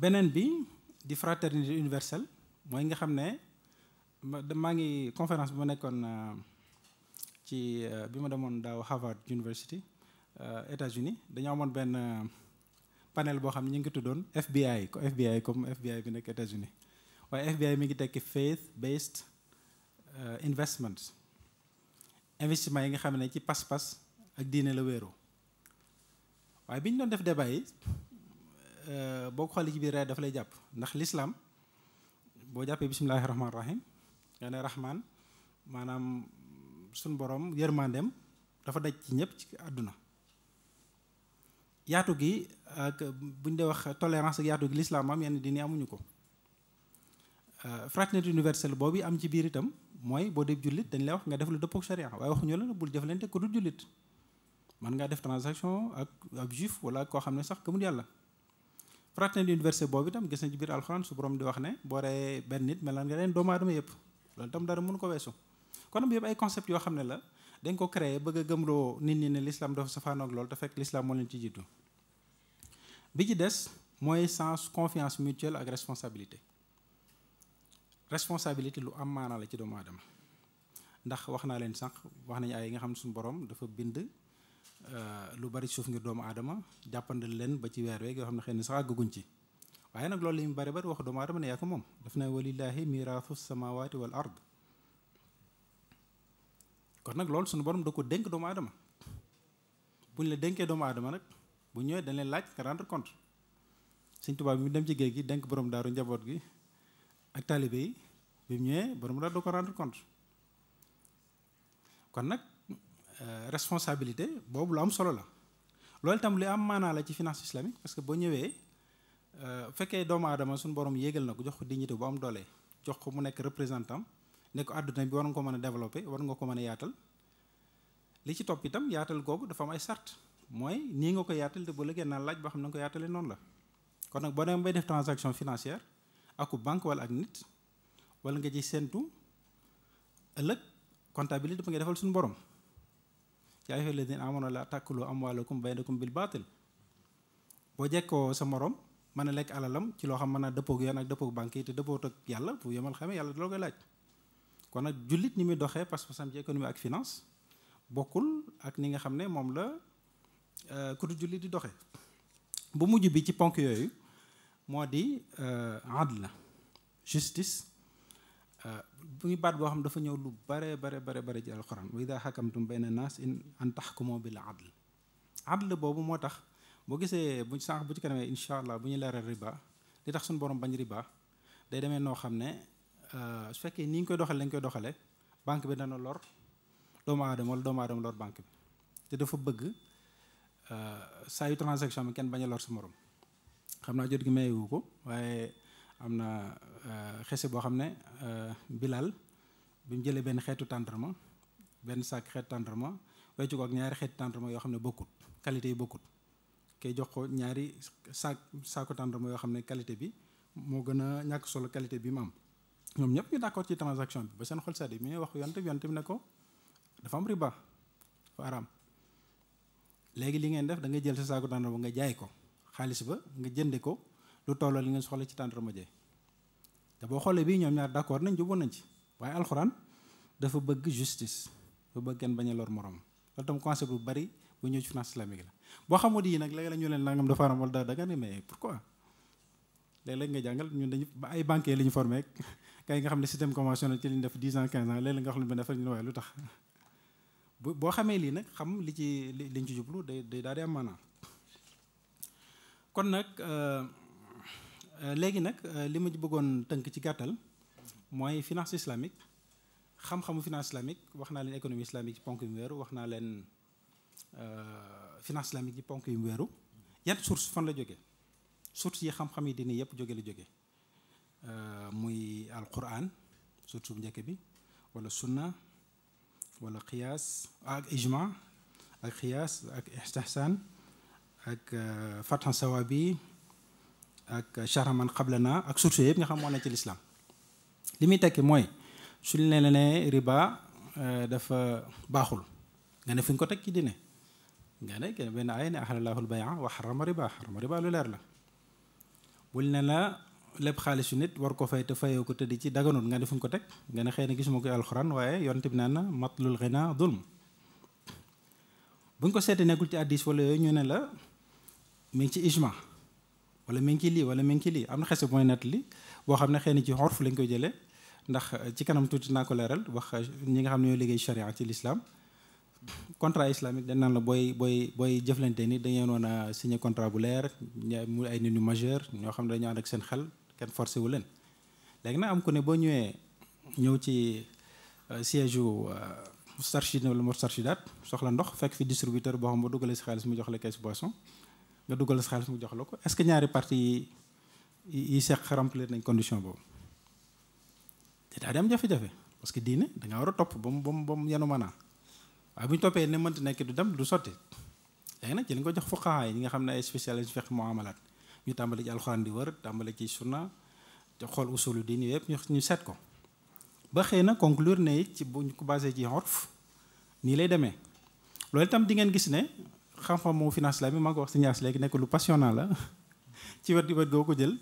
beneen bi di fraternité universelle mooy nga xam ne ma maa ngi conférence bi ma nekkoon euh, ci euh, bi ma demoon daaw Harvard University euh, États-Unis dañoo amoon benn panel boo xam ne ñu ngi ko tuddoon FBI ko FBI comme FBI bi nekk États-Unis waaye FBI mi ngi tekki faith based investments investissement yi nga xam ne ci pas-pas ak diine la wéeroo waaye bi ñu doon def débat yi boo ko xoolee ci biir rek dafa lay jàpp ndax lislaam boo jàppee bisimilahi rahmaani rahim nga ne rahmaan maanaam suñ borom yërmandeem dafa daj ci ñëpp ci àdduna yaatu gi ak buñ dee wax tolérance ak yaatu gi lislaam am yenn dini amuñu ko euh, fraternité universelle boobu am ci biir itam mooy boo dee jullit dañ lay wax nga def lu dëppook sharia waaye waxuñu la bul jëflante ku du jullit man ngaa def transaction ak ab juif wala koo xam ne sax gëmul yàlla rawatina université boobu itam gis nañ ci biir alxuraan su borom di wax ne boo reyee benn nit mel nga leen doomu aadama yëpp loolu itam dara mënu ko weesu kon am yëpp ay concept yoo xam ne la dañ ko créé bëgg a gëmloo nit ñi ne l'islam dafa safaanoog loolu te fekk l'islam moo leen ci jiitu bi ci des mooy sens confiance mutuelle ak responsabilité responsabilité lu am maanaa la ci doomu aadama ndax wax naa leen sànq wax nañu ay yi nga xam ne suñu borom dafa bind lu bari suuf ngir doomu aadama jàppandal leen ba ci weer weeg yoo xam ne xëy na sax àggaguñ ci waaye nag loolu li mu bari bari wax doomu aadama ne yaa ko moom daf ne walillaahi miraathu samawaati wal ard nag loolu suñu borom da ko dénk doomu aadama buñ la dénkee doomu aadama nag bu ñëwee dañ leen laaj nga rendre compte Sëñ Tuubaa bi mu dem ci géej gi dénk borom daaru njaboot gi ak taalibe yi bi mu ñëwee borom daaru doo ko rendre compte kon nag Euh, responsabilité boobu lu am solo la loolu itam li am maanaa la ci finance islamique parce que boo ñëwee euh, fekkee doomu adama suñu borom yéegal na ko jox ko dignité bu am doole jox ko mu nekk représentant ne ko àdduna bi war nga ko mën a développer war nga ko mën a yaatal li ci topp itam yaatal googu dafa am ay sart mooy nii nga ko yaatal te bu la naa laaj boo xam ne nga ko yaatale noonu la kon nag boo demee bay def transaction financière aku banque wala ak nit wala nga ci séntu ëllëg comptabilité ba nga defal suñu borom yaa ayyuha alladina amanu la taakulu amwaalakum baynakum bil baatil boo jekkoo sa morom mën a lekk alalam ci loo xam mën naa dëppoog yoon ak dëppoog banque yi te dëppoot ak yàlla bu yemal xame yàlla da la koy laaj kon nag jullit ñi muy doxee parce que sam ci économie ak finance bokkul ak ni nga xam ne moom la euh, kutu jullit di doxe bu mujj bi ci ponk yooyu moo di euh, adl justice bu baat boo xam dafa ñëw lu bare bare bare bare ci alxuraan wa ida xakamtum bayna naas in an taxkumu bil adl adl boobu moo tax boo gisee bu sànq bu ci kanamee incha allah bu ñu leeral riba li tax suñu borom bañ riba day demee noo xam ne euh, su fekkee ni ñu koy doxale lañ koy doxale banque bi dana lor doomu aadama wala doomu aadama lor banque bi te dafa bëgg euh, saa yu transaction bi kenn bañ a lor sa morom xam naa jot gi mayewu ko waaye am na euh, xese boo xam ne euh, Bilal bi mu jëlee benn xeetu tendrement benn saak xeetu tendrement weccu ko ak ñaari xeetu tendrement yoo xam ne bokkut qualité yi bokkut kay jox ko ñaari saak saaku tendrement yoo xam ne qualité bi moo gën a ñàkk solo qualité bi mu am ñoom ñëpp ñu d'accord ci transaction bi ba seen xol sedd mi wax yonte bi yonte mu ne ko dafa am riba dafa araam léegi li ngeen def da nga jël sa saako tendrement nga jaay ko xaalis ba nga jënde ko lu tolloo li ngeen soxla ci tàndarma jee te boo xoolee bii ñoom ñaar d'accord nañ jubóo nañ ci waaye alxuraan dafa bëgg justice bu bëgg kenn bañ a lor loolu tam concept bu bari bu ñëw ci finance islamique la boo xamul yi nag léegi la ñu leen nangam dafa aram wala da da nga ne mais pourquoi léeg-léeg nga jàngal ñun dañu ba ay banquier li ñu nga xam ne système conventionnel ci li ñu def 10 ans 15 ans léeg nga xam ne benn affaire boo xamee lii nag xam li ci liñ ci jublu day day daal di am Euh, léegi nag euh, li ma bëggoon tënk ci gàttal mooy finance islamique xam-xamu finance islamique wax naa leen économie islamique ci ponk yu mu wéeru wax naa leen euh, finance islamique ci yu mu wéeru source fan la jóge source yi xam-xam yi dini yëpp jóge la jóge muy alquran source bu njëkk bi wala sunna wala qiyaas ak ijma ak qiyaas ak istihsan ak fathan sawabi ak charaman naa ak source yëpp nga xam moo ne ci lislaam li muy tekki mooy suñ leen ne riba euh, dafa baaxul nga ne fi nga ko teg ci dine nga ne kenn benn aaya ne ahalallaahu al wa harrama riba harrama riba leer la buñ ne la lépp xaalisu nit war ko fay te fayoo ci daganul nga ne ko teg nga ne xëy na gisuma koy alxuraan waaye yonent bi naan na matlul ghina dulm buñ ko seetee nekkul ci addis wala yooyu ñu ne la mi ci ijma wala mi ngi ci lii wala mi ngi ci lii am na xese mooy nettali boo xam ne xëy na ci xorf lañ koy jëlee ndax ci kanam tuuti naa ko leeral wax ñi nga xam ne ñoo liggéey charia ci lislaam contra islamique dañ naan la booy booy booy jëflante ni da ngeen woon contra bu leer mu ay nit ñu majeur ñoo xam ne dañoo ànd ak seen xel kenn forcé wu leen léegi nag am ku ne boo ñëwee ñëw ci euh, siège u euh, Moustarchidine wala Moustarchidaat soxla ndox fekk fi distributeur boo xam ba xaalis mu jox la caisse boisson nga dugal sa xaalis mu jox la ko est-ce que ñaari parti yi yi seq remplir nañ condition boobu te daa dem am jafe-jafe parce que diine da nga war a topp ba mu ba mu ba mu yenu maanaa waaye bu ñu toppee ne mënti nekk du dem du sotti léegi nag ci li ko jox fuqahaa yi ñi nga xam ne ay spécialistes fiqh muamalat ñu tàmbale ci alxuraan di wër tàmbale ci sunna te xool usulu diine yëpp ñu seet ko ba xëy na conclure ne ci bu ñu ko basé ci orf nii lay demee loolu xam moom finance islamique maa ngi ko wax si ñaas léegi nekk lu passionnant la ci wet wet goo ko jël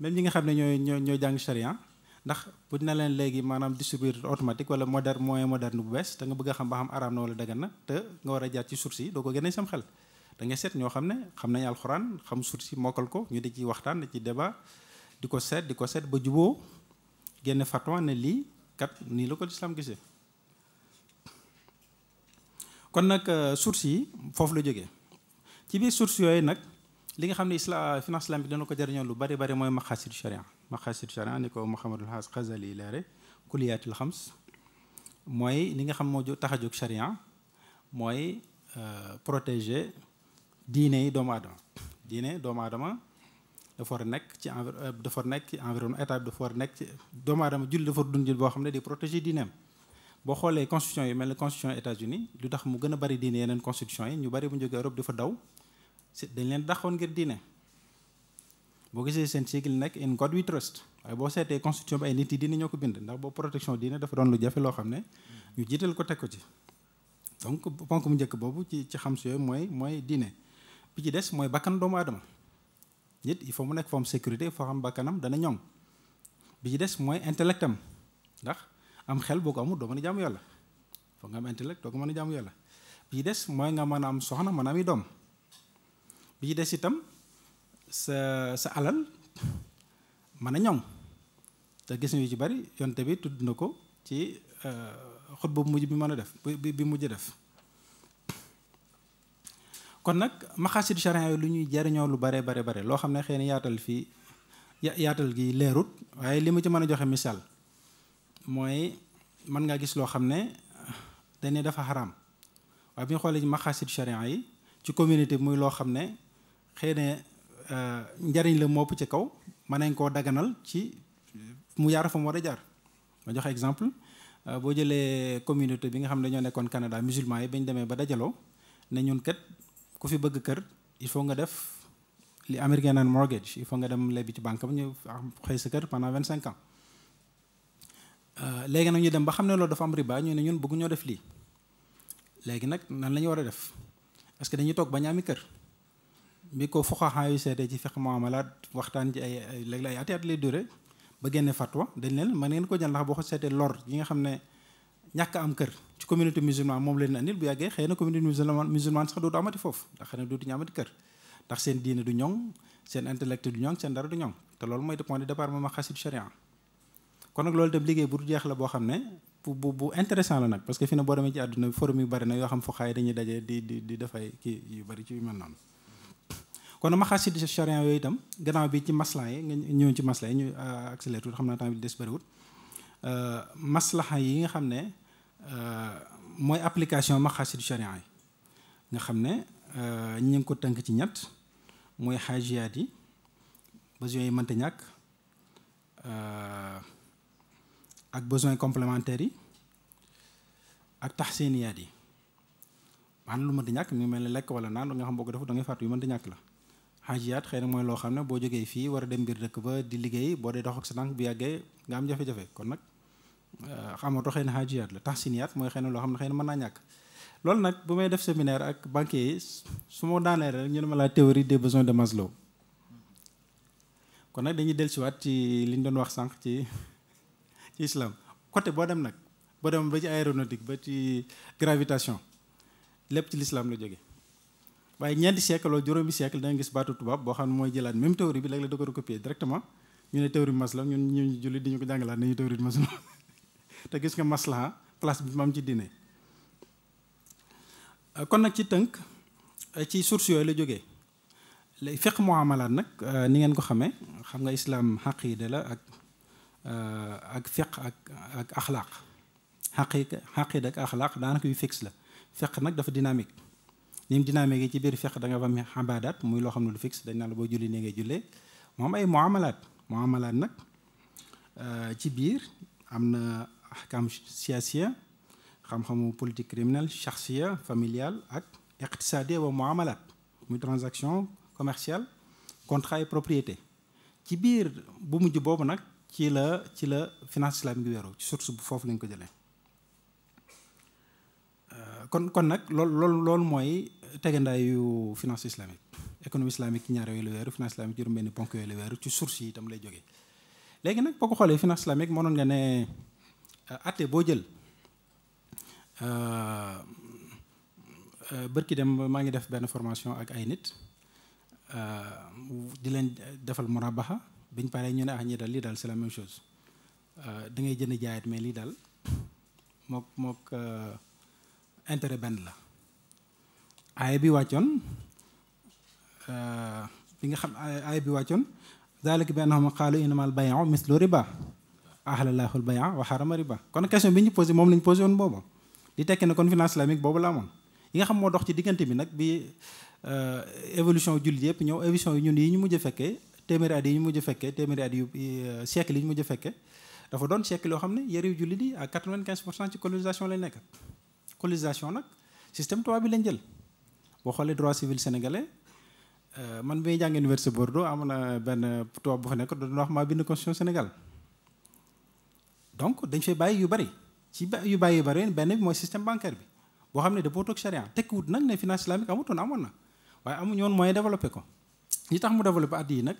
même ñi nga xam ne ñooy ñoo ñooy jàng charia ndax bu dina leen léegi maanaam distributeur automatique wala moderne moyen moderne bu bees te nga bëgg a xam ba xam araam na wala dagan na te nga war a jaar ci source si doo ko génne sam xel da nga seet ñoo xam ne xam nañ alxuraan xam source si mokkal ko ñu di ci waxtaan di ci débat di ko seet di ko seet ba juboo génn fatwa lii kat nii la ko lislaam gisee kon nag euh, source yi foofu la jóge ci biir source yooyu nag li nga xam ne isla finance islamique dana ko jëriñoo lu bari bari mooy maxasid sharia maxasid sharia ni ko Muhammadul Haas leere kuliyaatul xams mooy li nga xam moo tax a jóg sharia mooy euh, protéger diine yi doomu aadama diine doomu adama dafa war nekk ci env euh, dafa war nekk ci environnement état bi dafa war nekk ci doomu aadama julli dafa dund boo xam ne di protéger diineem boo xoolee constitution yi mel ne constitution États-Unis lu tax mu gën a bari diine yeneen constitution yi ñu bari bu jógee Europe dafa daw dañ leen daxoon ngir diine boo gisee seen sigle nekk in God we trust waaye boo seetee constitution bi ay nit yi diine ñoo ko bind ndax boo protection diine dafa doon lu jafe loo xam ne ñu jiital ko teg ko ci donc ponk mu njëkk boobu ci ci xam si yooyu mooy mooy diine bi ci des mooy bakkan doomu aadama nit il faut mu nekk foo sécurité foo xam bakkanam dana ñoŋ bi ci des mooy intellect am xel boo ko amul doo mën a jaamu yàlla foog nga am intellect doo ko mën a jaamu yàlla bi des mooy nga mën a am soxna mën a am i doom bi des itam sa sa alal mën a ñoŋ te gis ñu ci bari yonte bi tudd na ko ci euh, xot boobu mujj bi mën a def bi bi mujj def kon nag maxasid charin yi lu ñuy jariñoo lu bare bare bare loo xam ne xëy na yaatal fii yaatal gi leerut waaye li ma ci mën a joxe misaal mooy mën nga gis loo xam ne dañ ne dafa xaraam waaye bi ñu xoolee ci maxaasid charia yi ci communauté bi muy loo xam ne xëy na euh, njariñ la mopp ci kaw mën nañ koo daganal ci mu yaara fa mu war a jaar ma joxe exemple euh, boo jëlee communauté bi nga xam ne dañoo nekkoon Canada musulman yi ba ñu demee ba dajaloo ne ñun kat ku fi bëgg kër il faut nga def li américain naan mortgage il faut nga dem lebi ci banque bi ñu xëy sa kër pendant vingt cinq Euh, léegi nag ñu dem ba xam ne loolu dafa am riba ñu ne ñun bëgg ñoo def lii léegi nag nan la ñu war a def parce que dañuy toog bañ ami kër bi ko fuqaha yu seetee ci fiqh muamalat waxtaan ci ay léeg-léeg ay ati at lay duré ba génne fatwa leen mën ngeen ko jël ndax boo ko seetee lor yi nga xam ne ñàkk am kër ci communauté musulmane moom leen andil bu yàggee xëy na communauté musulmane musulmane sax dootu amati foofu ndax xëy na dootuñu amati kër ndax seen diine du ñoŋ seen intellect du ñoŋ seen dara du ñoŋ te loolu mooy kon nag loolu itam liggéey bu du jeex la boo xam ne bu bu bu intéressant la nag parce que fi ne boo demee ci àdduna forum yu bari na yoo xam fu xaay dañuy daje di di di kii yu bari ci man mel noonu. kon maqaasid sharian yooyu itam gannaaw bi ci maslaha yi nga ñëw ci maslaha yi euh, xam naa temps bi des euh, yi nga xam ne euh, mooy application maqaasid sharian yi nga xam ne ñu ngi ko tënk ci ñett mooy xaajiyaat yi ba yooyu mënta ñàkk ak besoins complémentaires yi ak taxsiniyaat yi maanaam lu mënti ñàkk ñu mel ne lekk wala naan nga xam boo ko def da ngay fàttu yu mënti ñàkk la xaajiyaat xëy na mooy loo xam ne boo jógee fii war a dem biir dëkk ba di liggéey boo dee dox ak sa tànk bu yàggee nga am jafe-jafe kon nag euh, xamatoo xëy na xaajiyaat la taxsiniyaat mooy xëy na loo xam ne xëy ne mën naa ñàkk loolu nag bu may def séminaire ak banquier yi su ma daanee rek ñu ne ma laa théorie des besoins de Maslow ci islam côté boo dem nag boo dem ba ci aéronautique ba ci gravitation lépp ci l'islam la jóge waaye ñeenti siècle loolu juróomi siècle da nga gis baatu tubaab boo xam ne mooy jëlaat même théorie bi léeg-léeg da ko recopier directement ñu ne théorie masla ñun ñu julli di ñu ko jàngalaat nañu théorie te gis nga maslaha place bi maam ci diine kon nag ci tënk ci source yooyu la jóge jógee léegi fiqh muamalaat nag ni ngeen ko xamee xam nga islaam islam xaqiida la ak ak fiq ak ak axlaaq xaqiqa xaqida ak axlaaq daanaka yu fixe la fiq nag dafa dynamique ni mu dynamique yi ci biir fiq da nga am xabaadaat muy loo xam ne lu fixe dañ naan la boo julli ne ngay jullee moom ay muamalaat muamalaat nag euh, ci biir am na ahkam siyaasiya xam-xamu politique criminelle chaxsiya familiale ak iqtisaadiya wa muamalaat muy transaction commerciale contrat et propriété ci biir bu mujj boobu nag ci la ci la finance islamique bi weeru ci source bu foofu lañ ko jëlee euh, kon kon nag loolu loolu loolu mooy tegandaayu finance islamique économie islamique ñaar yooyu la weeru finance islamique juróom-benn ponk yooyu la weeru ci source yi itam lay jógee léegi nag boo ko xoolee finance islamique mënoon nga ne euh, atte boo jël euh, bërki dem maa ngi def benn formation ak ay nit di leen defal murabaha biñ paree ñu ne ah ñi dal lii dal c'est la même chose euh, da ngay jënd jaayit mais lii dal mook mook euh, intérêt benn la aaya bi wàccoon euh, bi nga xam aaya bi wàccoon zalika bi annahum qaalu innamal bay'u mislu riba ahalallaahu al-bay'a wa harrama riba kon question bi ñu posé moom la ñu oon woon boobu di tekki ne kon finance islamique boobu la amoon yi nga xam moo dox ci diggante bi nag bi évolution jullit yëpp ñëw évolution yi ñun yi ñu mujj fekkee téeméeri at yi ñu mujj fekkee téeméeri at yu euh, siècle yi ñu mujj fekkee dafa doon siècle yoo xam ne yëre yu jullit yi à quatre-vingt-quinze pour ci colonisation lay nekk colonisation nag système tubaab bi lañ jël boo xoolee droit civil sénégalais euh, man bi jàng université Bordeaux am na benn tubaab bu fa nekk doon wax maa bind constitution Sénégal donc dañ fay bàyyi yu bari ci ba yu bàyyi yu bari benn bi mooy système bancaire bi boo xam ne dafoo toog charia tekkiwut nag ne finance islamique amutoon amoon na waaye amuñu woon moyen développé ko li tax mu développé at nag.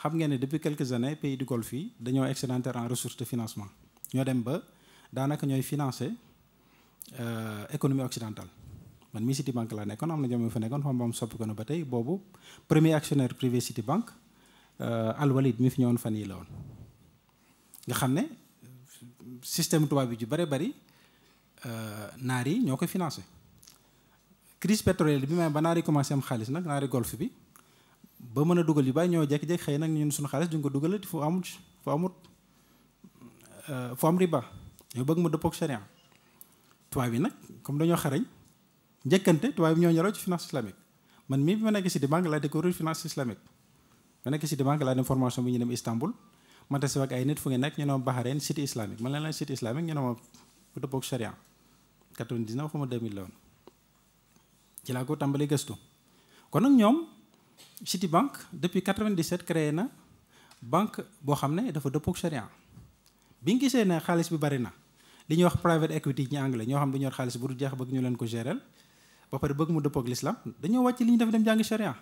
xam ngeen ne depuis quelques années pays du golfe yi dañoo excédentaire en ressources de financement ñoo dem ba daanaka ñooy financer euh, économie occidentale man mii Citibank laa nekkoon am na ñoom fa nekkoon xam moom soppi ko na ba tey boobu premier actionnaire privé Citibank euh, Al Walid mi fi ñëwoon fan yii la woon nga xam ne système tubaab bi ju bare bari euh, naar yi ñoo koy financé crise pétrolière bi may ba naar commencé am xaalis nag naari golfe bi ba mën a dugal yu bàyyi ñoo jekk-jekk xëy nag ñun suñu xaalis duñ ko dugalati fu amut fu amut euh, fu am riba yow bëgg ma dëppook sharia tubaab bi nag comme dañoo xarañ njëkkante tubaab yi ñoo ñoroo ci finance islamique man mii bi ma nekk si di banque laa découvrir finance islamique ma nekk si di banque dem formation bi ñu dem Istanbul ma tase ak ay nit fu ngeen nekk ñu ne ma Bahreïn cité islamique man leen la cité islamique ñu ne ma dëppook sharia ci laa ko tàmbali gëstu kon nag ñoom Citibank depuis 97 créé na banque boo xam ne dafa dëppook sharia bi nga gisee ne xaalis bi bari na li ñuy wax private equity ñi anglais ñoo xam dañu yor xaalis bu du jeex bëgg ñu leen ko gérer ba pare bëgg mu dëppook l'islam dañoo wàcc li ñu def dem jàngi sharia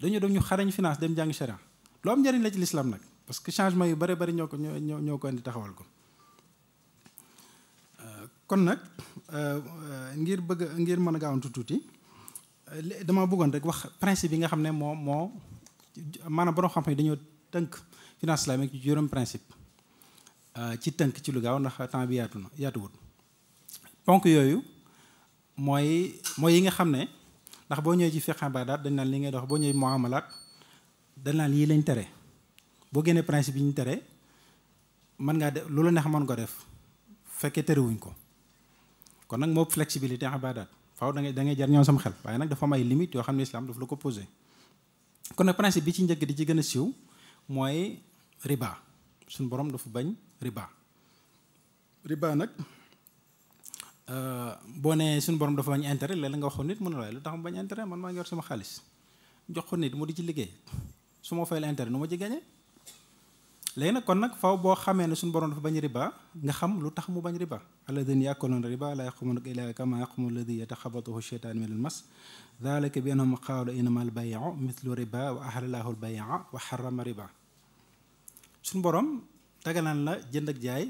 dañoo dem ñu xarañ finance dem jàngi sharia lu am njëriñ la ci l'islam nag parce que changement yu bari bari ñoo ko ñoo ñoo ko indi taxawal ko euh, kon nag euh, euh, ngir bëgg ngir mën a gaawantu tuuti dama bëggoon rek wax principe yi nga xam ne moo moo maanaam borom xam-xam yi dañoo tënk finance islamique ci juróom principe euh, ci tënk ci lu gaaw ndax temps bi yaatu na yaatuwut ponk yooyu mooy mooy yi nga xam ne ndax boo ñëwee ci fiqh ibaadaat dañ naan li ngay dox boo ñëwee muamalaat dañ naan lii lañ tere boo génnee principe yi ñu tere mën ngaa def loolu la neex mën ko def fekkee terewuñ ko kon nag moo flexibilité ibaadaat faaw da dangay jar ñoo sam xel waaye nag dafa am ay limites yoo xam ne islam daf la ko posé kon nag principe bi ci njëkk di ci gën a siiw mooy riba suñu borom dafa bañ riba riba nag euh, boo nee suñu borom dafa bañ intérêt léeg-léeg nga waxoon nit mu ne waaye lu tax mu bañ intérêt man maa ngi yor sama xaalis jox ko nit mu di ci liggéey su ma fayal intérêt nu ma ci léegi nag ko nag faw boo xamee ne suñu borom dafa bañ riba nga xam lu tax mu bañ riba alladina yaakuluna riba la yaqumuna illa kama yaqumu alladi yataxabatuhu cheytaan min almas dalika bi annahum qaalu innama albayu mithlu riba wa ahlallahu albaya wa xarama riba suñu borom daganal na jënd ak jaay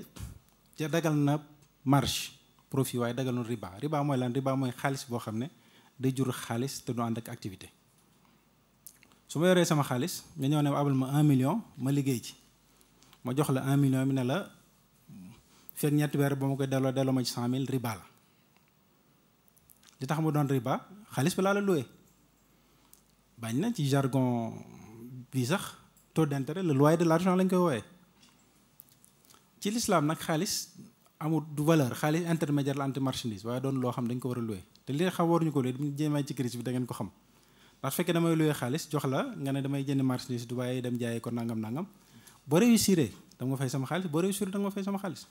te dagal na marge profit waaye dagal na riba riba mooy lan riba mooy xaalis boo xam ne day jur xaalis te du ànd ak activité su ma yoree sama xaalis nga ñëw ne ma abal ma un million ma liggéey ci ma jox la un million mi ne la fekk ñetti weer ba ma koy delloo delloo ma ci cent mille riba li tax ma doon riba xaalis bi laa la loué bañ na ci jargon bi sax taux d'intérêt le loyer de l'argent lañ koy wooyee ci lislaam nag xaalis amul du valeur xaalis intermédiaire la anti marchandise waaye doon loo xam dañ ko war a loué te li xam waruñu ko loué duñu jéemaay ci crise bi da ngeen ko xam ndax fekkee damay loué xaalis jox la nga ne damay jënd marchandise du waaye dem jaayee ko nangam nangam boo réussiré da nga fay sama xaalis boo réussiré da nga fay sama xaalis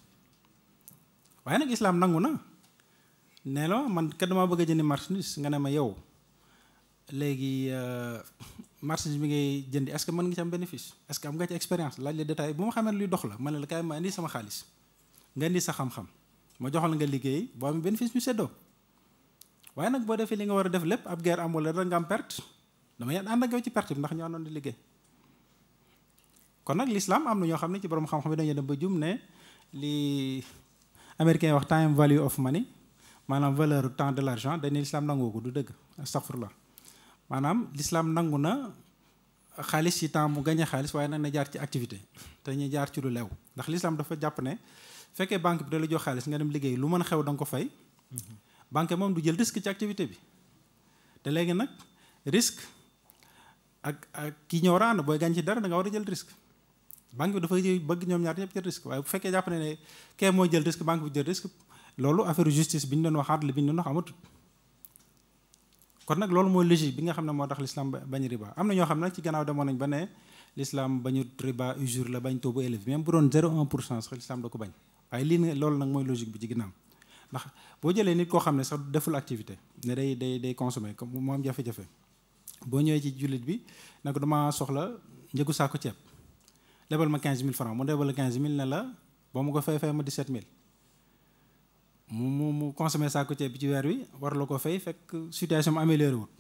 waaye nag islaam nangu na ne la man kat damaa bëgg a jëndi marchandise nga ne ma yow léegi euh, marchandise bi ngay jëndi est-ce que mën nga ci am bénéfice est que am nga ci expérience laaj la détail bu ma xamee luy dox la ma ne la kaay ma indi sama xaalis nga indi sa xam-xam ma joxal nga liggéey boo am bénéfice bi seddoo waaye nag boo defee li nga war a def lépp ab guerre am wala dara nga am perte dama ànd ak yow ci perte bi ndax ñu di liggéey. kon nag lislaam am na ñoo xam ne ci borom xam-xam yi dañoo dem ba jum ne lii américain wax time value of money maanaam valeur temps de l'argent dañ ne l'islam nangoo ko du dëgg la maanaam lislaam nangu na xaalis ci temps mu gagné xaalis waaye nag na jaar ci activité te ñu jaar ci lu leew ndax l'islam dafa jàpp ne fekkee banque bi da la jox xaalis nga dem liggéey lu mën a xew da nga ko fay banque moom du jël risque ci activité bi te léegi nag risque ak ak ki ñëw booy gañ ci da nga jël risque banque bi dafay bëgg ñoom ñaar ñëpp jël risque waaye bu fekkee jàpp ne ne kee mooy jël risque banque bi jël risque loolu affaire justice bi ñu doon wax àdduna bi ñu doon wax amatul kon nag loolu mooy logique bi nga xam ne moo tax ba bañ riba am na ñoo xam ne ci gannaaw demoon nañ ba ne l'islam bañu riba usure la bañ taux bu élevé même bu doon pour cent ko bañ waaye lii ne loolu nag mooy logique bi ci ginnaaw ndax boo jëlee nit koo xam ne sax deful activité ne day day day consommer comme moom jafe-jafe boo ñëwee ci jullit bi nag damaa soxla njëgu saako ceeb lebal ma quinze mille francs mu lebal la quinze mille ne la boo mu ko fay fay ma dix-sept mille mu mu mu consommé saako bi ci weer wi war la ko fay fekk situation mu amélioré wut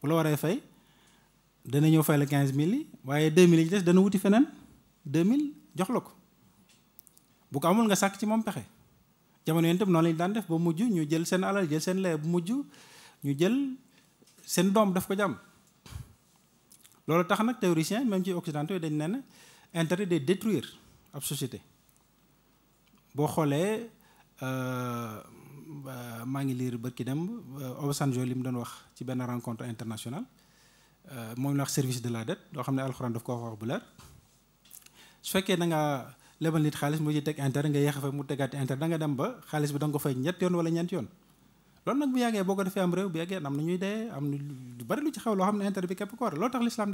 bu la waree fay dana ñëw fay la quinze mille yi waaye deux mille yi des dana wuti feneen deux mille jox la ko bu ko amul nga sàkk ci moom pexe jamono yéen itam noonu lañu daan def ba mujj ñu jël seen alal jël seen lay bu mujj ñu jël seen doom daf ko jàmm loolu tax nag théoricien même ci occidentaux yi dañ ne intérêt de détruire ab société boo xoolee euh, euh, maa ngi liir bërki dem euh, Obasanjo li mu doon wax ci benn rencontre internationale moom la wax service de la dette loo xam ne alxuraan daf ko wax bu leer su fekkee da nga lebal nit xaalis mu ci teg intérêt nga yeexe fa mu tegaati intérêt da dem ba xaalis bi da ko fay ñett yoon wala ñeent yoon loolu nag bu yàggee boo ko defee am réew bu yàggee am na ñuy dee am na bari lu ci xew loo xam ne intérêt bi képp ko war loolu tax lislaam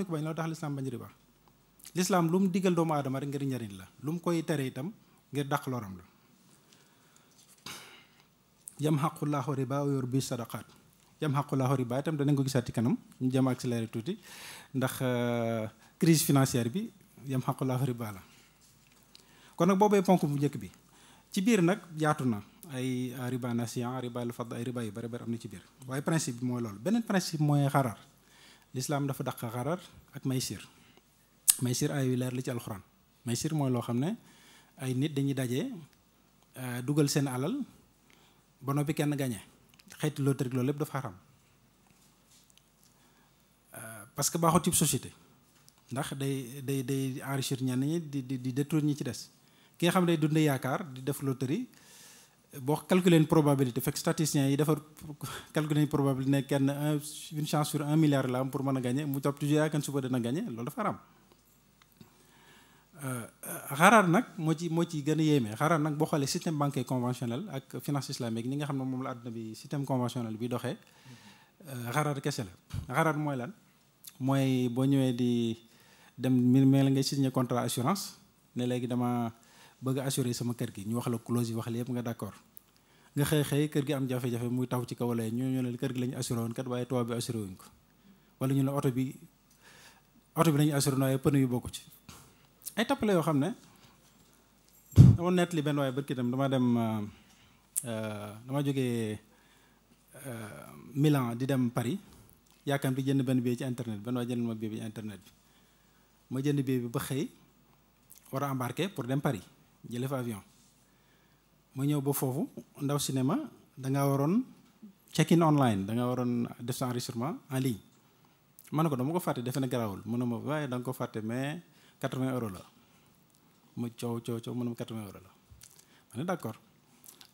lislaam lu mu digal doomu aadama rek ngir njariñ la lu mu koy tere itam ngir daq loram la yam xaqulaahu riba yor bi sadaqaat yam xaqulaahu riba itam danañ ko gisaat ci kanam ñu jëm accéléré tuuti ndax euh, crise financière bi yam xaqulaahu riba la kon nag boobee ponk bu njëkk bi ci biir nag yaatu na ay riba nasian riba lu fadd ay riba yu bari bari am na ci biir waaye principe bi mooy loolu beneen principe mooy xarar lislaam dafa daq xarar ak maysir maysir ay yu leer li ci alxuraan maysir mooy loo xam ne ay nit dañuy daje euh, dugal seen alal ba noppi kenn gañe xeeti loterie loolu lépp dafa xaram euh, parce que baaxul société ndax day day day enrichir ñenn ñi di di di détruire ci des ki nga xam ne day dundee yaakaar di def loterie boo calculer probabilité fekk statisticien yi defar calculer probabilité ne kenn une chance sur un milliard la am pour mën a gagné mu topp toujours yaakaar ne suba dina gagné loolu dafa Euh, xaraar nag moo ci moo ci gën a yéeme xaraar nag boo xoolee système bancaire conventionnel ak finance islamique ni nga xam ne moom la àdduna bi système conventionnel bi doxee euh, xaraar kese la xaraar mooy lan mooy boo ñëwee di dem mi mel ngay signé contrat assurance ne léegi dama bëgg a assurer sama kër gi ñu wax la clause yi wax la yëpp nga d'accord nga xëy xëy kër gi am jafe-jafe muy taw ci kaw lay ñu ñu ne kër gi la ñu assuré woon kat waaye tubaab bi assuré wuñ ko wala ñu ne oto bi oto bi la ñu assuré waaye pneu yu ci ay tappale yoo xam ne dama nett li benn waaye bërki tam dama dem euh, euh, dama jógee euh, Milan di dem Paris yaakaar di jënd benn billet ci internet benn waaye jënd ma billet bi ci bi ma jënd billet bi ba xëy war a embarquer pour dem Paris jële fa avion ma ñëw ba foofu ndaw cinéma danga waroon check online danga waroon def sa enregistrement en ligne ma ne ko dama ko fàtte defe na garawul mu waaye da ko fàtte mais 80 euros la ma coow coow coow mën ne ma 80 euros la ma ne d'accord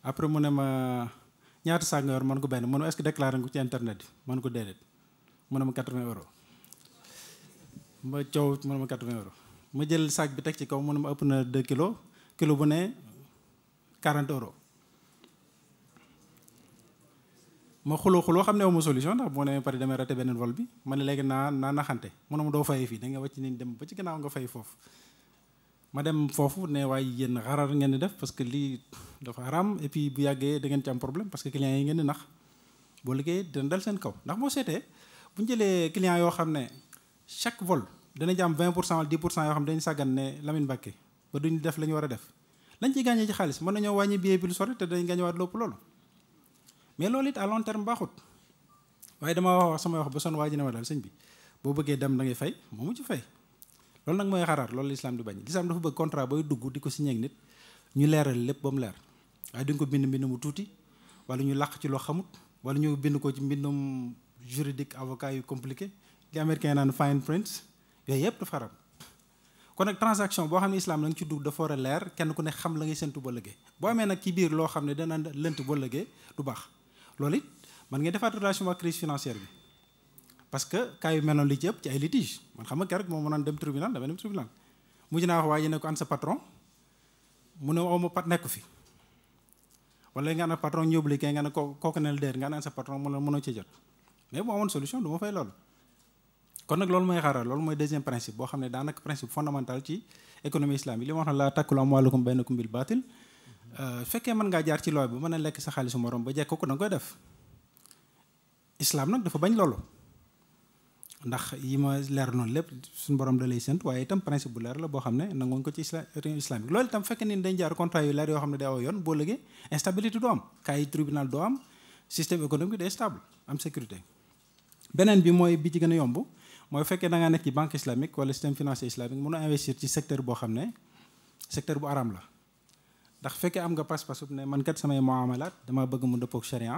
après mu ne ma ñaata saag nga yor man ko benn man est-ce que déclaré ko ci internet bi man ko déedéet mu ne ma 80 euros ma coow mu ne ma ma jël saag bi teg ci kaw mu ne ma ëpp na 2 kilos kilo bu ne 40 euros ma xuloo xuloo xam ne aw ma solution ndax bu ma demee Paris damay raté beneen vol bi ma ne léegi naa naa naxante mu doo fay fii da nga wàcc dem ba ci gannaaw nga fay foofu ma dem foofu ne waaye yéen xarar ngeen di def parce que lii dafa haram et puis bu yàggee da ngeen ci am parce que clients yi ngeen di nax boo liggéeyee dina dal seen kaw ndax boo seetee bu ñu jëlee clients yoo xam ne chaque vol dana ci am 20 pour cent wala 10 pour cent yoo xam ne dañu sàggan ne Lamine Mbacké ba duñ def a def lañ ciy gàññee ci mais loolu it à long terme baaxut waaye dama wax wax sama wax ba son waa ji ne ma daal sëñ bi boo bëggee dem da ngay moom mu ci fay loolu nag mooy xaraar loolu lislaam di bañ lislaam dafa bëgg contrat booy dugg di ko signé ak nit ñu leeral lépp ba mu leer waaye duñ ko bind mbind mu tuuti wala ñu làq ci loo xamut wala ñu bind ko ci mbindum juridique avocat yu compliqué li américain naan fine print yooyu yëpp dafa xaraam kon nag transaction boo xam ne islam la nga ci dugg dafa war a leer kenn ku ne xam la ngay séntu ba lëggee boo amee nag ci biir loo xam ne dana lënt ba lëggee loolu it man ngeen defaat relation ak crise financière bi parce que cas yu mel noonu li ci ay litige man xam ma keroog moom mënoon dem tribunal dama dem tribunal mujj naa wax waa ji ne ko an sa patron mu ne aw ma pat fi wala nga ana patron ñu obligé nga ne ko kooku nel déer nga naan sa patron mu ne mënoo ci jot mais bu amoon solution du fay loolu kon nag loolu mooy xaaral loolu mooy deuxième principe boo xam ne daanaka principe fondamental Euh, fekkee mën ngaa jaar ci looy bu mën a lekk sa xaalisu morom ba jekk ko da nga koy def islaam nag dafa bañ loolu ndax yi ma leer noonu lépp suñu borom da lay sént waaye itam principe bu leer la boo xam ne nanguñ ko ci isla réew islamique loolu itam fekkee ni dañ jaar contrat yu leer yoo xam ne day aw yoon boo léegi instabilité du am cas yi tribunal doo am système économique day stable am sécurité beneen bi mooy bi ci gën a yomb mooy fekkee da ngaa nekk ci banque islamique wala système financier islamique mun a investir ci secteur boo xam ne secteur bu araam la ndax fekkee am nga pas-pasub ne man kat samay muamalat dama bëgg mu dëppook sharia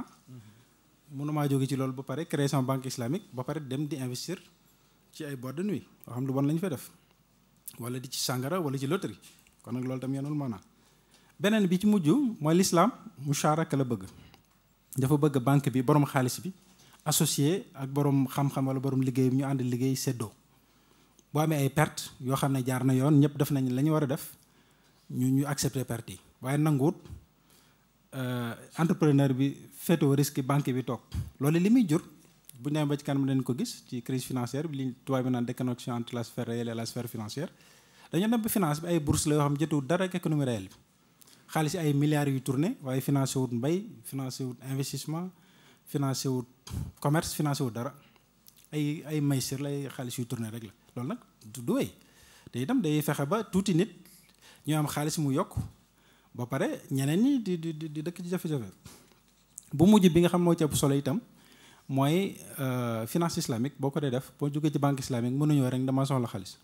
mënumaa jóge ci loolu ba pare créer sama banque islamique ba pare dem di investir ci ay boîte de nuit yoo xam lu bon lañu fay def wala di ci sàngara wala ci loterie kon nag loolu tam yenul maanaam beneen bi ci mujj mooy l'islam musharaka la bëgg dafa bëgg banque bi borom xaalis bi associé ak borom xam-xam wala borom liggéey bi ñu ànd liggéey seddoo boo amee perte yoo xam ne jaar na yoon ñëpp def nañ la war a def ñu ñu accepter perte waaye nanguwut euh, entrepreneur bi féetoo risque banque bi toog loolu li muy jur bu ñu ba ci kanam dañ ko gis ci crise financière bi li tubaab bi naan déconnexion entre la sphère réelle et la sphère financière dañu dem ba finance bi ay bourse la yoo xam jëtu dara ak économie réelle bi xaalis ay milliards yu tourné waaye financé wut mbay financé wut investissement financé wut commerce financé wut dara ay ay maysir la ay xaalis yu tourné rek la loolu nag du wéy te itam day fexe ba tuuti nit ñu am xaalis mu yokk ba pare ñeneen ñi di di di dëkk ci jafe-jafe bu mujj bi nga xam moo ci solo itam mooy euh, finance islamique boo ko dee def boo jógee ci banque islamique mënuñoo rek dama soxla xaalis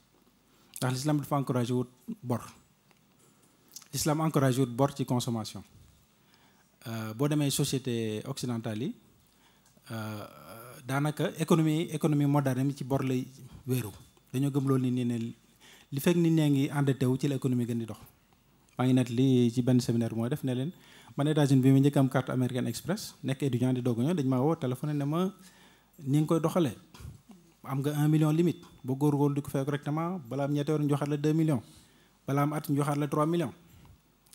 ndax l'islam dafa encouragé wut bor l'islam encouragé wut bor ci consommation euh, boo demee société occidentale yi euh, daanaka économie économie moderne ci bor lay wéeru dañoo gëm loolu ni ne li fekk nit ñaa ngi endetté wu ci la économie gën di dox maa ngi net lii ci benn séminaire bu mooy def ne leen man États-Unis bi ma njëkk am carte American Express nekk étudiant di doog ñëw dañ maa woo téléphone ne ma ni nga koy doxalee am nga 1 million limite boo góorgóorlu di ko fay correctement balaa am ñetti weer ñu joxaat la 2 millions balaa am at ñu la 3 millions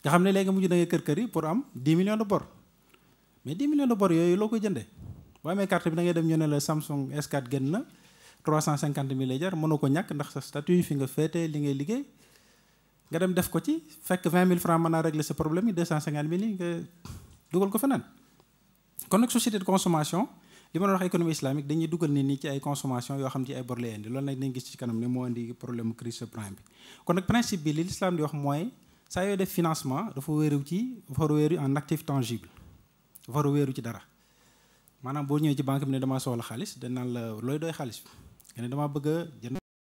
nga xam ne léegi mujj na nga kër kër yi pour am 10 millions de bor mais 10 millions de bor yooyu loo koy jëndee boo amee carte bi da ngay dem ñu ne la Samsung s ñàkk ndax sa statut fi nga féetee li ngay liggéey nga dem def ko ci fekk vingt mille francs mën naa régler sa problème yi dugal ko feneen kon nag société de consommation li ma doon wax économie islamique dañuy dugal nit ñi ci ay consommation yoo xam ne ci ay bor lay indi loolu nag nañ gis ci kanam ne moo indi problème crise subprime bi kon nag principe bi li l'islam di wax mooy saa yooy def financement dafa wéeru ci dafa a wéeru en actif a wéeru ci dara maanaam boo ñëwee ci banque bi ne damaa soxla xaalis dañ naan la looy doy xaalis nga ne damaa